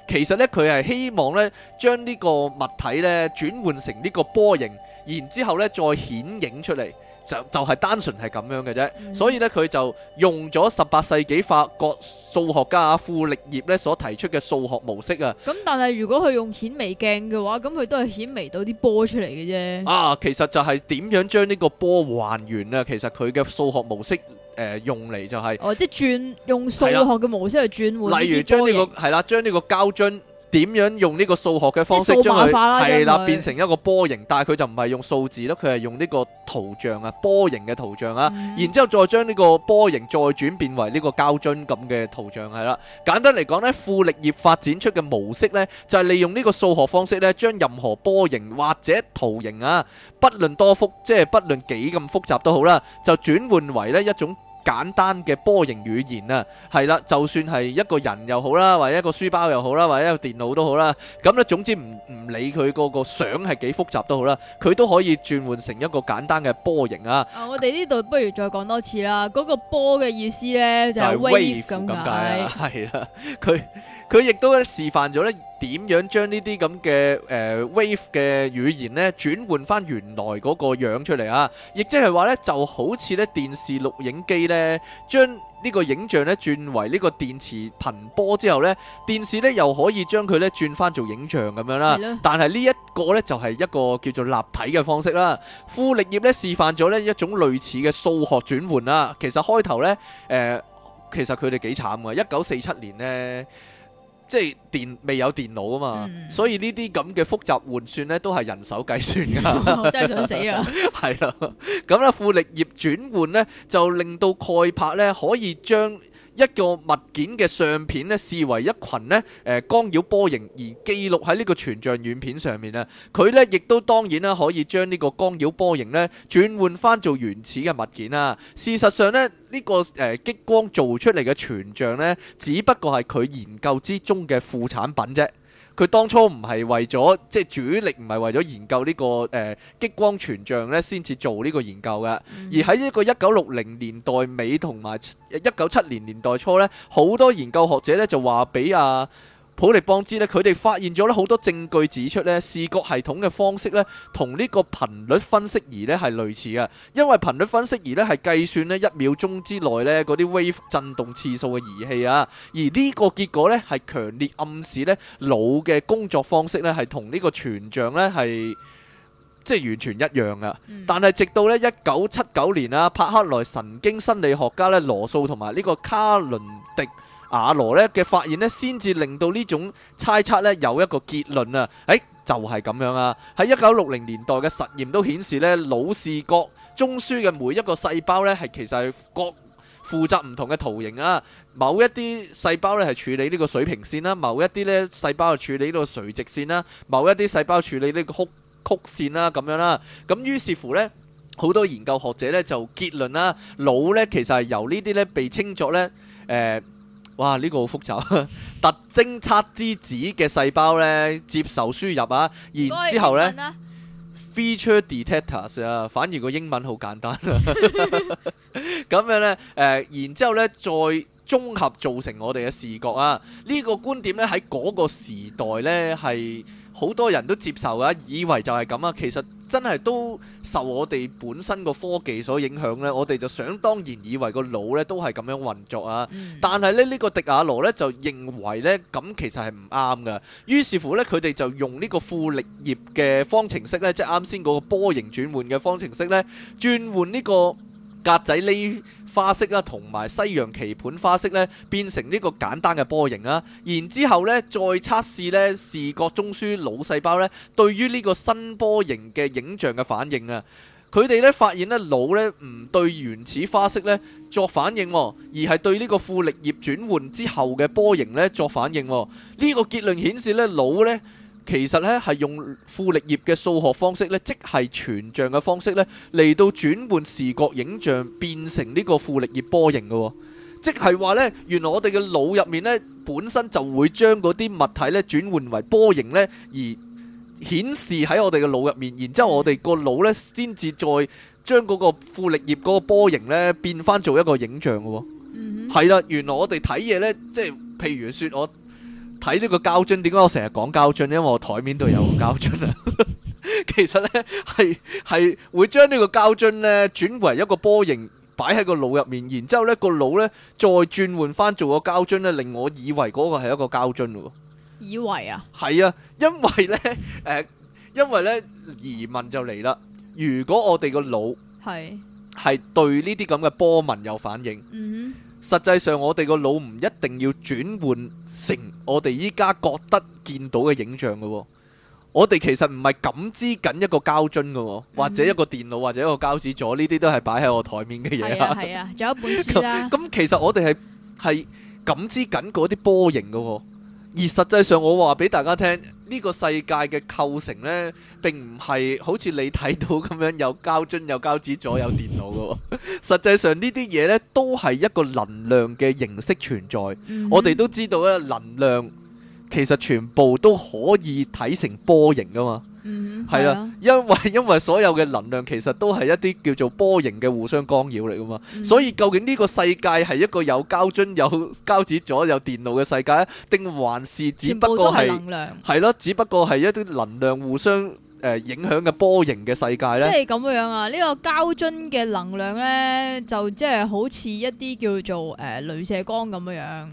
其實咧，佢係希望咧，將呢個物體咧轉換成呢個波形，然之後咧再顯影出嚟。就就係、是、單純係咁樣嘅啫，嗯、所以呢，佢就用咗十八世紀法國數學家傅立葉呢所提出嘅數學模式啊。咁、嗯、但係如果佢用顯微鏡嘅話，咁佢都係顯微到啲波出嚟嘅啫。啊，其實就係點樣將呢個波還原啊？其實佢嘅數學模式誒、呃、用嚟就係、是、哦，即係轉用數學嘅模式去轉換啦。例如將呢、這個係形啦，將呢個膠樽。點樣用呢個數學嘅方式將佢，係啦，變成一個波形，但係佢就唔係用數字咯，佢係用呢個圖像啊，波形嘅圖像啊，然之後再將呢個波形再轉變為呢個膠樽咁嘅圖像係啦。簡單嚟講咧，傅立葉發展出嘅模式咧，就係利用呢個數學方式咧，將任何波形或者圖形啊，不論多複，即係不論幾咁複雜都好啦，就轉換為咧一種。簡單嘅波形語言啊，係啦，就算係一個人又好啦，或者一個書包又好啦，或者一個電腦都好啦，咁咧總之唔唔理佢嗰個相係幾複雜都好啦，佢都可以轉換成一個簡單嘅波形啊。啊，我哋呢度不如再講多次啦，嗰、那個波嘅意思咧就係 wave 咁解，係啦，佢。 佢亦都咧示範咗咧點樣將呢啲咁嘅誒 wave 嘅語言咧轉換翻原來嗰個樣出嚟啊！亦即係話咧就好似咧電視錄影機咧將呢個影像咧轉為呢個電磁頻波之後咧，電視咧又可以將佢咧轉翻做影像咁樣啦。的但係呢一個咧就係一個叫做立體嘅方式啦。富力葉咧示範咗呢一種類似嘅數學轉換啦、啊。其實開頭咧誒，其實佢哋幾慘嘅。一九四七年呢。即係電未有電腦啊嘛，嗯、所以呢啲咁嘅複雜換算呢都係人手計算㗎。 我真係想死啊！ 係啦，咁咧傅立葉轉換呢，就令到蓋柏呢可以將一個物件嘅相片咧，視為一群咧，誒、呃、光擾波形而記錄喺呢個全像軟片上面啊。佢咧亦都當然啦，可以將呢個光擾波形咧轉換翻做原始嘅物件啦、啊。事實上咧，呢、這個誒、呃、激光做出嚟嘅全像咧，只不過係佢研究之中嘅副產品啫。佢當初唔係為咗即係主力，唔係為咗研究呢、這個誒、呃、激光全像咧，先至做呢個研究嘅。而喺呢個一九六零年代尾同埋一九七年年代初呢，好多研究學者呢就話俾阿普利邦知，咧，佢哋發現咗咧好多證據指出咧，視覺系統嘅方式咧，同呢個頻率分析儀咧係類似嘅，因為頻率分析儀咧係計算咧一秒鐘之內咧嗰啲微震動次數嘅儀器啊，而呢個結果咧係強烈暗示咧腦嘅工作方式咧係同呢個全像咧係即係完全一樣噶。但係直到咧一九七九年啦，帕克萊神經心理學家咧羅素同埋呢個卡倫迪。亞羅咧嘅發現咧，先至令到呢種猜測咧有一個結論啊！誒、哎，就係、是、咁樣啊！喺一九六零年代嘅實驗都顯示呢，腦視覺中樞嘅每一個細胞呢，係其實係各負責唔同嘅圖形啊！某一啲細胞呢係處理呢個水平線啦，某一啲呢細胞係處理呢個垂直線啦，某一啲細胞處理呢個曲曲線啦，咁樣啦。咁於是乎呢，好多研究學者呢就結論啦，腦呢其實係由呢啲呢被稱作呢。誒、呃。哇！呢、這個好複雜，特徵測之子嘅細胞咧接受輸入啊，然之後呢、啊、feature detectors 啊，反而個英文好簡單啊，咁 樣呢，誒、呃，然之後呢，再綜合造成我哋嘅視覺啊，呢、這個觀點呢，喺嗰個時代呢，係。好多人都接受啊，以為就係咁啊，其實真係都受我哋本身個科技所影響咧。我哋就想當然以為個腦咧都係咁樣運作啊，但係咧呢個迪亞羅咧就認為咧咁其實係唔啱嘅。於是乎咧佢哋就用呢個傅立葉嘅方程式咧，即係啱先嗰個波形轉換嘅方程式咧，轉換呢個格仔呢花式啦，同埋西洋棋盤花式咧，變成呢個簡單嘅波形啦。然之後咧，再測試咧視覺中樞腦細胞咧對於呢個新波形嘅影像嘅反應啊。佢哋咧發現咧腦咧唔對原始花式咧作反應，而係對呢個傅立葉轉換之後嘅波形咧作反應。呢個結論顯示咧腦咧。其實咧係用傅立葉嘅數學方式咧，即係全像嘅方式咧，嚟到轉換視覺影像變成呢個傅立葉波形嘅、哦、即係話咧，原來我哋嘅腦入面咧，本身就會將嗰啲物體咧轉換為波形咧，而顯示喺我哋嘅腦入面。然之後我哋個腦咧先至再將嗰個傅立葉嗰個波形咧變翻做一個影像嘅喎、哦。係啦、mm hmm.，原來我哋睇嘢咧，即係譬如説我。睇呢個膠樽，點解我成日講膠樽？因為我台面度有個膠樽啊。其實咧，係係會將呢個膠樽咧轉為一個波形，擺喺個腦入面，然之後咧個腦咧再轉換翻做個膠樽咧，令我以為嗰個係一個膠樽咯。以為啊？係啊，因為咧，誒，因為咧疑問就嚟啦。如果我哋個腦係係對呢啲咁嘅波紋有反應，嗯哼，實際上我哋個腦唔一定要轉換。成我哋依家覺得見到嘅影像嘅、哦、我哋其實唔係感知緊一個膠樽嘅、哦、或者一個電腦或者一個膠紙座呢啲都係擺喺我台面嘅嘢，係啊，仲、啊、有一本書咁 嗯、其實我哋係係感知緊嗰啲波形嘅、哦、而實際上我話俾大家聽。呢個世界嘅構成呢，並唔係好似你睇到咁樣，有膠樽、有膠紙、左右電腦嘅。 實際上呢啲嘢呢，都係一個能量嘅形式存在。Mm hmm. 我哋都知道咧，能量其實全部都可以睇成波形噶嘛。嗯，係啦的，的因為因為所有嘅能量其實都係一啲叫做波形嘅互相干擾嚟噶嘛，嗯、哼所以究竟呢個世界係一個有膠樽、有膠紙咗、有電腦嘅世界，定還是只不過係係咯，只不過係一啲能量互相誒、呃、影響嘅波形嘅世界咧？即係咁樣啊，呢、這個膠樽嘅能量呢，就即係好似一啲叫做誒呃、鐳射光咁樣樣。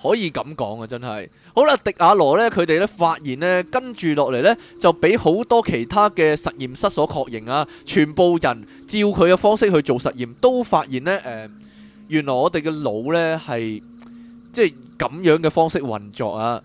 可以咁講啊，真係好啦！迪亞羅呢，佢哋呢發現呢，跟住落嚟呢，就俾好多其他嘅實驗室所確認啊！全部人照佢嘅方式去做實驗，都發現呢，呃，原來我哋嘅腦呢，係即係咁樣嘅方式運作啊！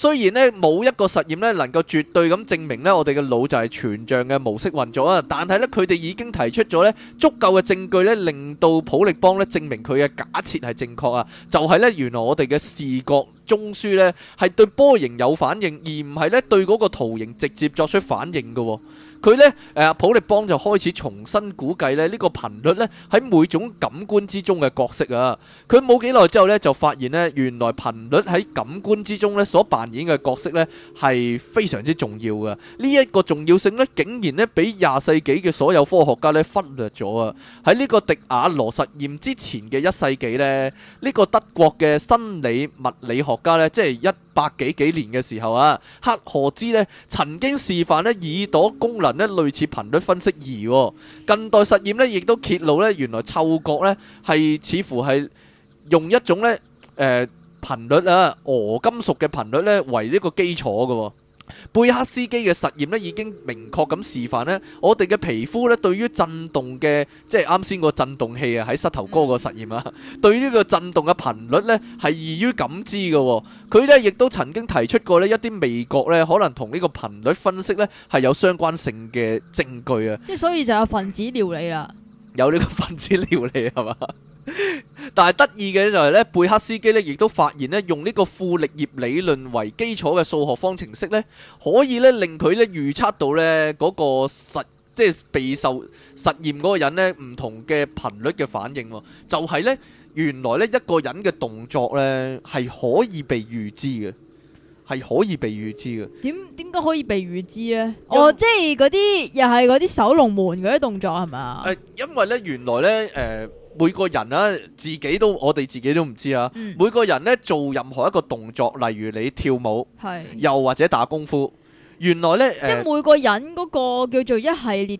雖然咧冇一個實驗咧能夠絕對咁證明咧我哋嘅腦就係全像嘅模式運作啊，但係咧佢哋已經提出咗咧足夠嘅證據咧，令到普力邦咧證明佢嘅假設係正確啊，就係、是、咧原來我哋嘅視覺中樞咧係對波形有反應，而唔係咧對嗰個圖形直接作出反應嘅。佢呢，誒普力邦就開始重新估計呢呢個頻率呢喺每種感官之中嘅角色啊！佢冇幾耐之後呢，就發現呢原來頻率喺感官之中呢所扮演嘅角色呢係非常之重要嘅。呢一個重要性呢，竟然呢俾廿世紀嘅所有科學家呢忽略咗啊！喺呢個迪亞羅實驗之前嘅一世紀呢，呢個德國嘅心理物理學家呢，即係一百幾幾年嘅時候啊，黑河之咧曾經示範咧耳朵功能咧類似頻率分析儀。近代實驗呢，亦都揭露咧原來嗅覺呢，係似乎係用一種咧誒、呃、頻率啊，鵝金屬嘅頻率呢，為呢個基礎嘅。貝克斯基嘅實驗咧已經明確咁示範呢，我哋嘅皮膚咧對於震動嘅，即係啱先個震動器啊喺膝頭哥個實驗啊，嗯、 對於個震動嘅頻率咧係易於感知嘅。佢呢亦都曾經提出過呢一啲味覺呢，可能同呢個頻率分析呢係有相關性嘅證據啊。即係所以就有分子料理啦。有呢個分子料理係嘛？ 但係得意嘅就係呢，貝克斯基呢亦都發現呢，用呢個傅立葉理論為基礎嘅數學方程式呢，可以呢令佢呢預測到呢嗰、那個實即係備受實驗嗰個人呢唔同嘅頻率嘅反應，就係、是、呢，原來呢一個人嘅動作呢係可以被預知嘅。係可以被預知嘅。點點解可以被預知呢？哦、oh，即係嗰啲又係嗰啲守龍門嗰啲動作係咪啊？因為呢，原來呢，誒、呃，每個人啦，自己都我哋自己都唔知啊。嗯、每個人呢，做任何一個動作，例如你跳舞，係，是 又或者打功夫，原來呢，呃、即係每個人嗰個叫做一系列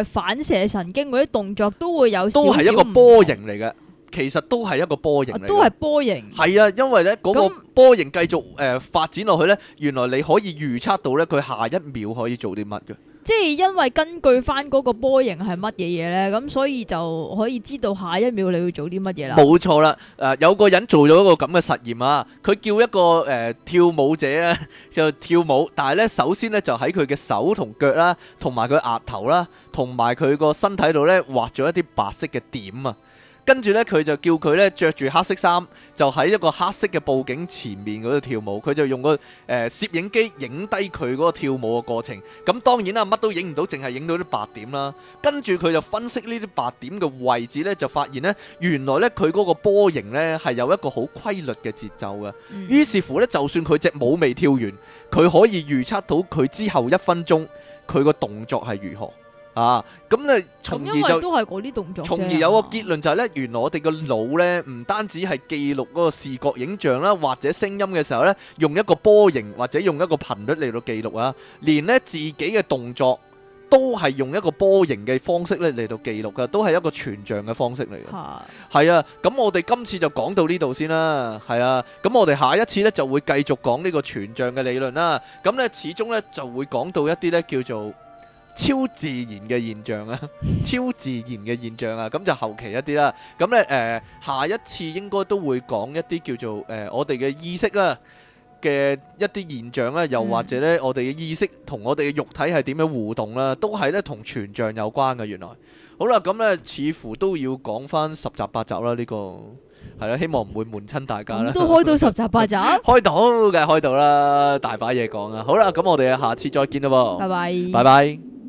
嘅反射神經，嗰啲動作都會有，都係一個波形嚟嘅。其實都係一個波形、啊、都係波形。係啊，因為呢嗰、那個波形繼續誒、呃、發展落去呢，原來你可以預測到呢，佢下一秒可以做啲乜嘅。即係因為根據翻嗰個波形係乜嘢嘢呢，咁所以就可以知道下一秒你會做啲乜嘢啦。冇錯啦，誒、呃、有個人做咗一個咁嘅實驗啊，佢叫一個誒、呃、跳舞者呢，就 跳舞，但係呢，首先呢，就喺佢嘅手同腳啦、啊，同埋佢額頭啦、啊，同埋佢個身體度呢，畫咗一啲白色嘅點啊。跟住呢，佢就叫佢呢，着住黑色衫，就喺一個黑色嘅布景前面度跳舞。佢就用個誒攝影機影低佢個跳舞嘅過程。咁當然啦，乜都影唔到，淨係影到啲白點啦。跟住佢就分析呢啲白點嘅位置呢，就發現呢，原來呢，佢個波形呢係有一個好規律嘅節奏嘅。嗯、於是乎呢，就算佢隻舞未跳完，佢可以預測到佢之後一分鐘佢個動作係如何。啊，咁咧，從而就，咁因為都係嗰啲動作。從而有個結論就係咧，原來我哋個腦咧，唔單止係記錄嗰個視覺影像，啦，或者聲音嘅時候咧，用一個波形或者用一個頻率嚟到記錄啊，連咧自己嘅動作都係用一個波形嘅方式咧嚟到記錄噶，都係一個全像嘅方式嚟嘅。係啊，咁我哋今次就講到呢度先啦。係啊，咁我哋下一次咧就會繼續講呢個全像嘅理論啦。咁咧始終咧就會講到一啲咧叫做。超自然嘅現象啊，超自然嘅現象啊，咁就後期一啲啦。咁咧誒，下一次應該都會講一啲叫做誒、呃、我哋嘅意識啊嘅一啲現象咧、啊，又或者咧、嗯、我哋嘅意識同我哋嘅肉體係點樣互動啦、啊，都係咧同全像有關嘅原來。好啦，咁咧似乎都要講翻十集八集啦，呢、這個係啦、啊，希望唔會悶親大家啦。都開到十集八集， 開到嘅開到啦，大把嘢講啊。好啦，咁我哋下次再見啦，噃。拜拜，拜拜。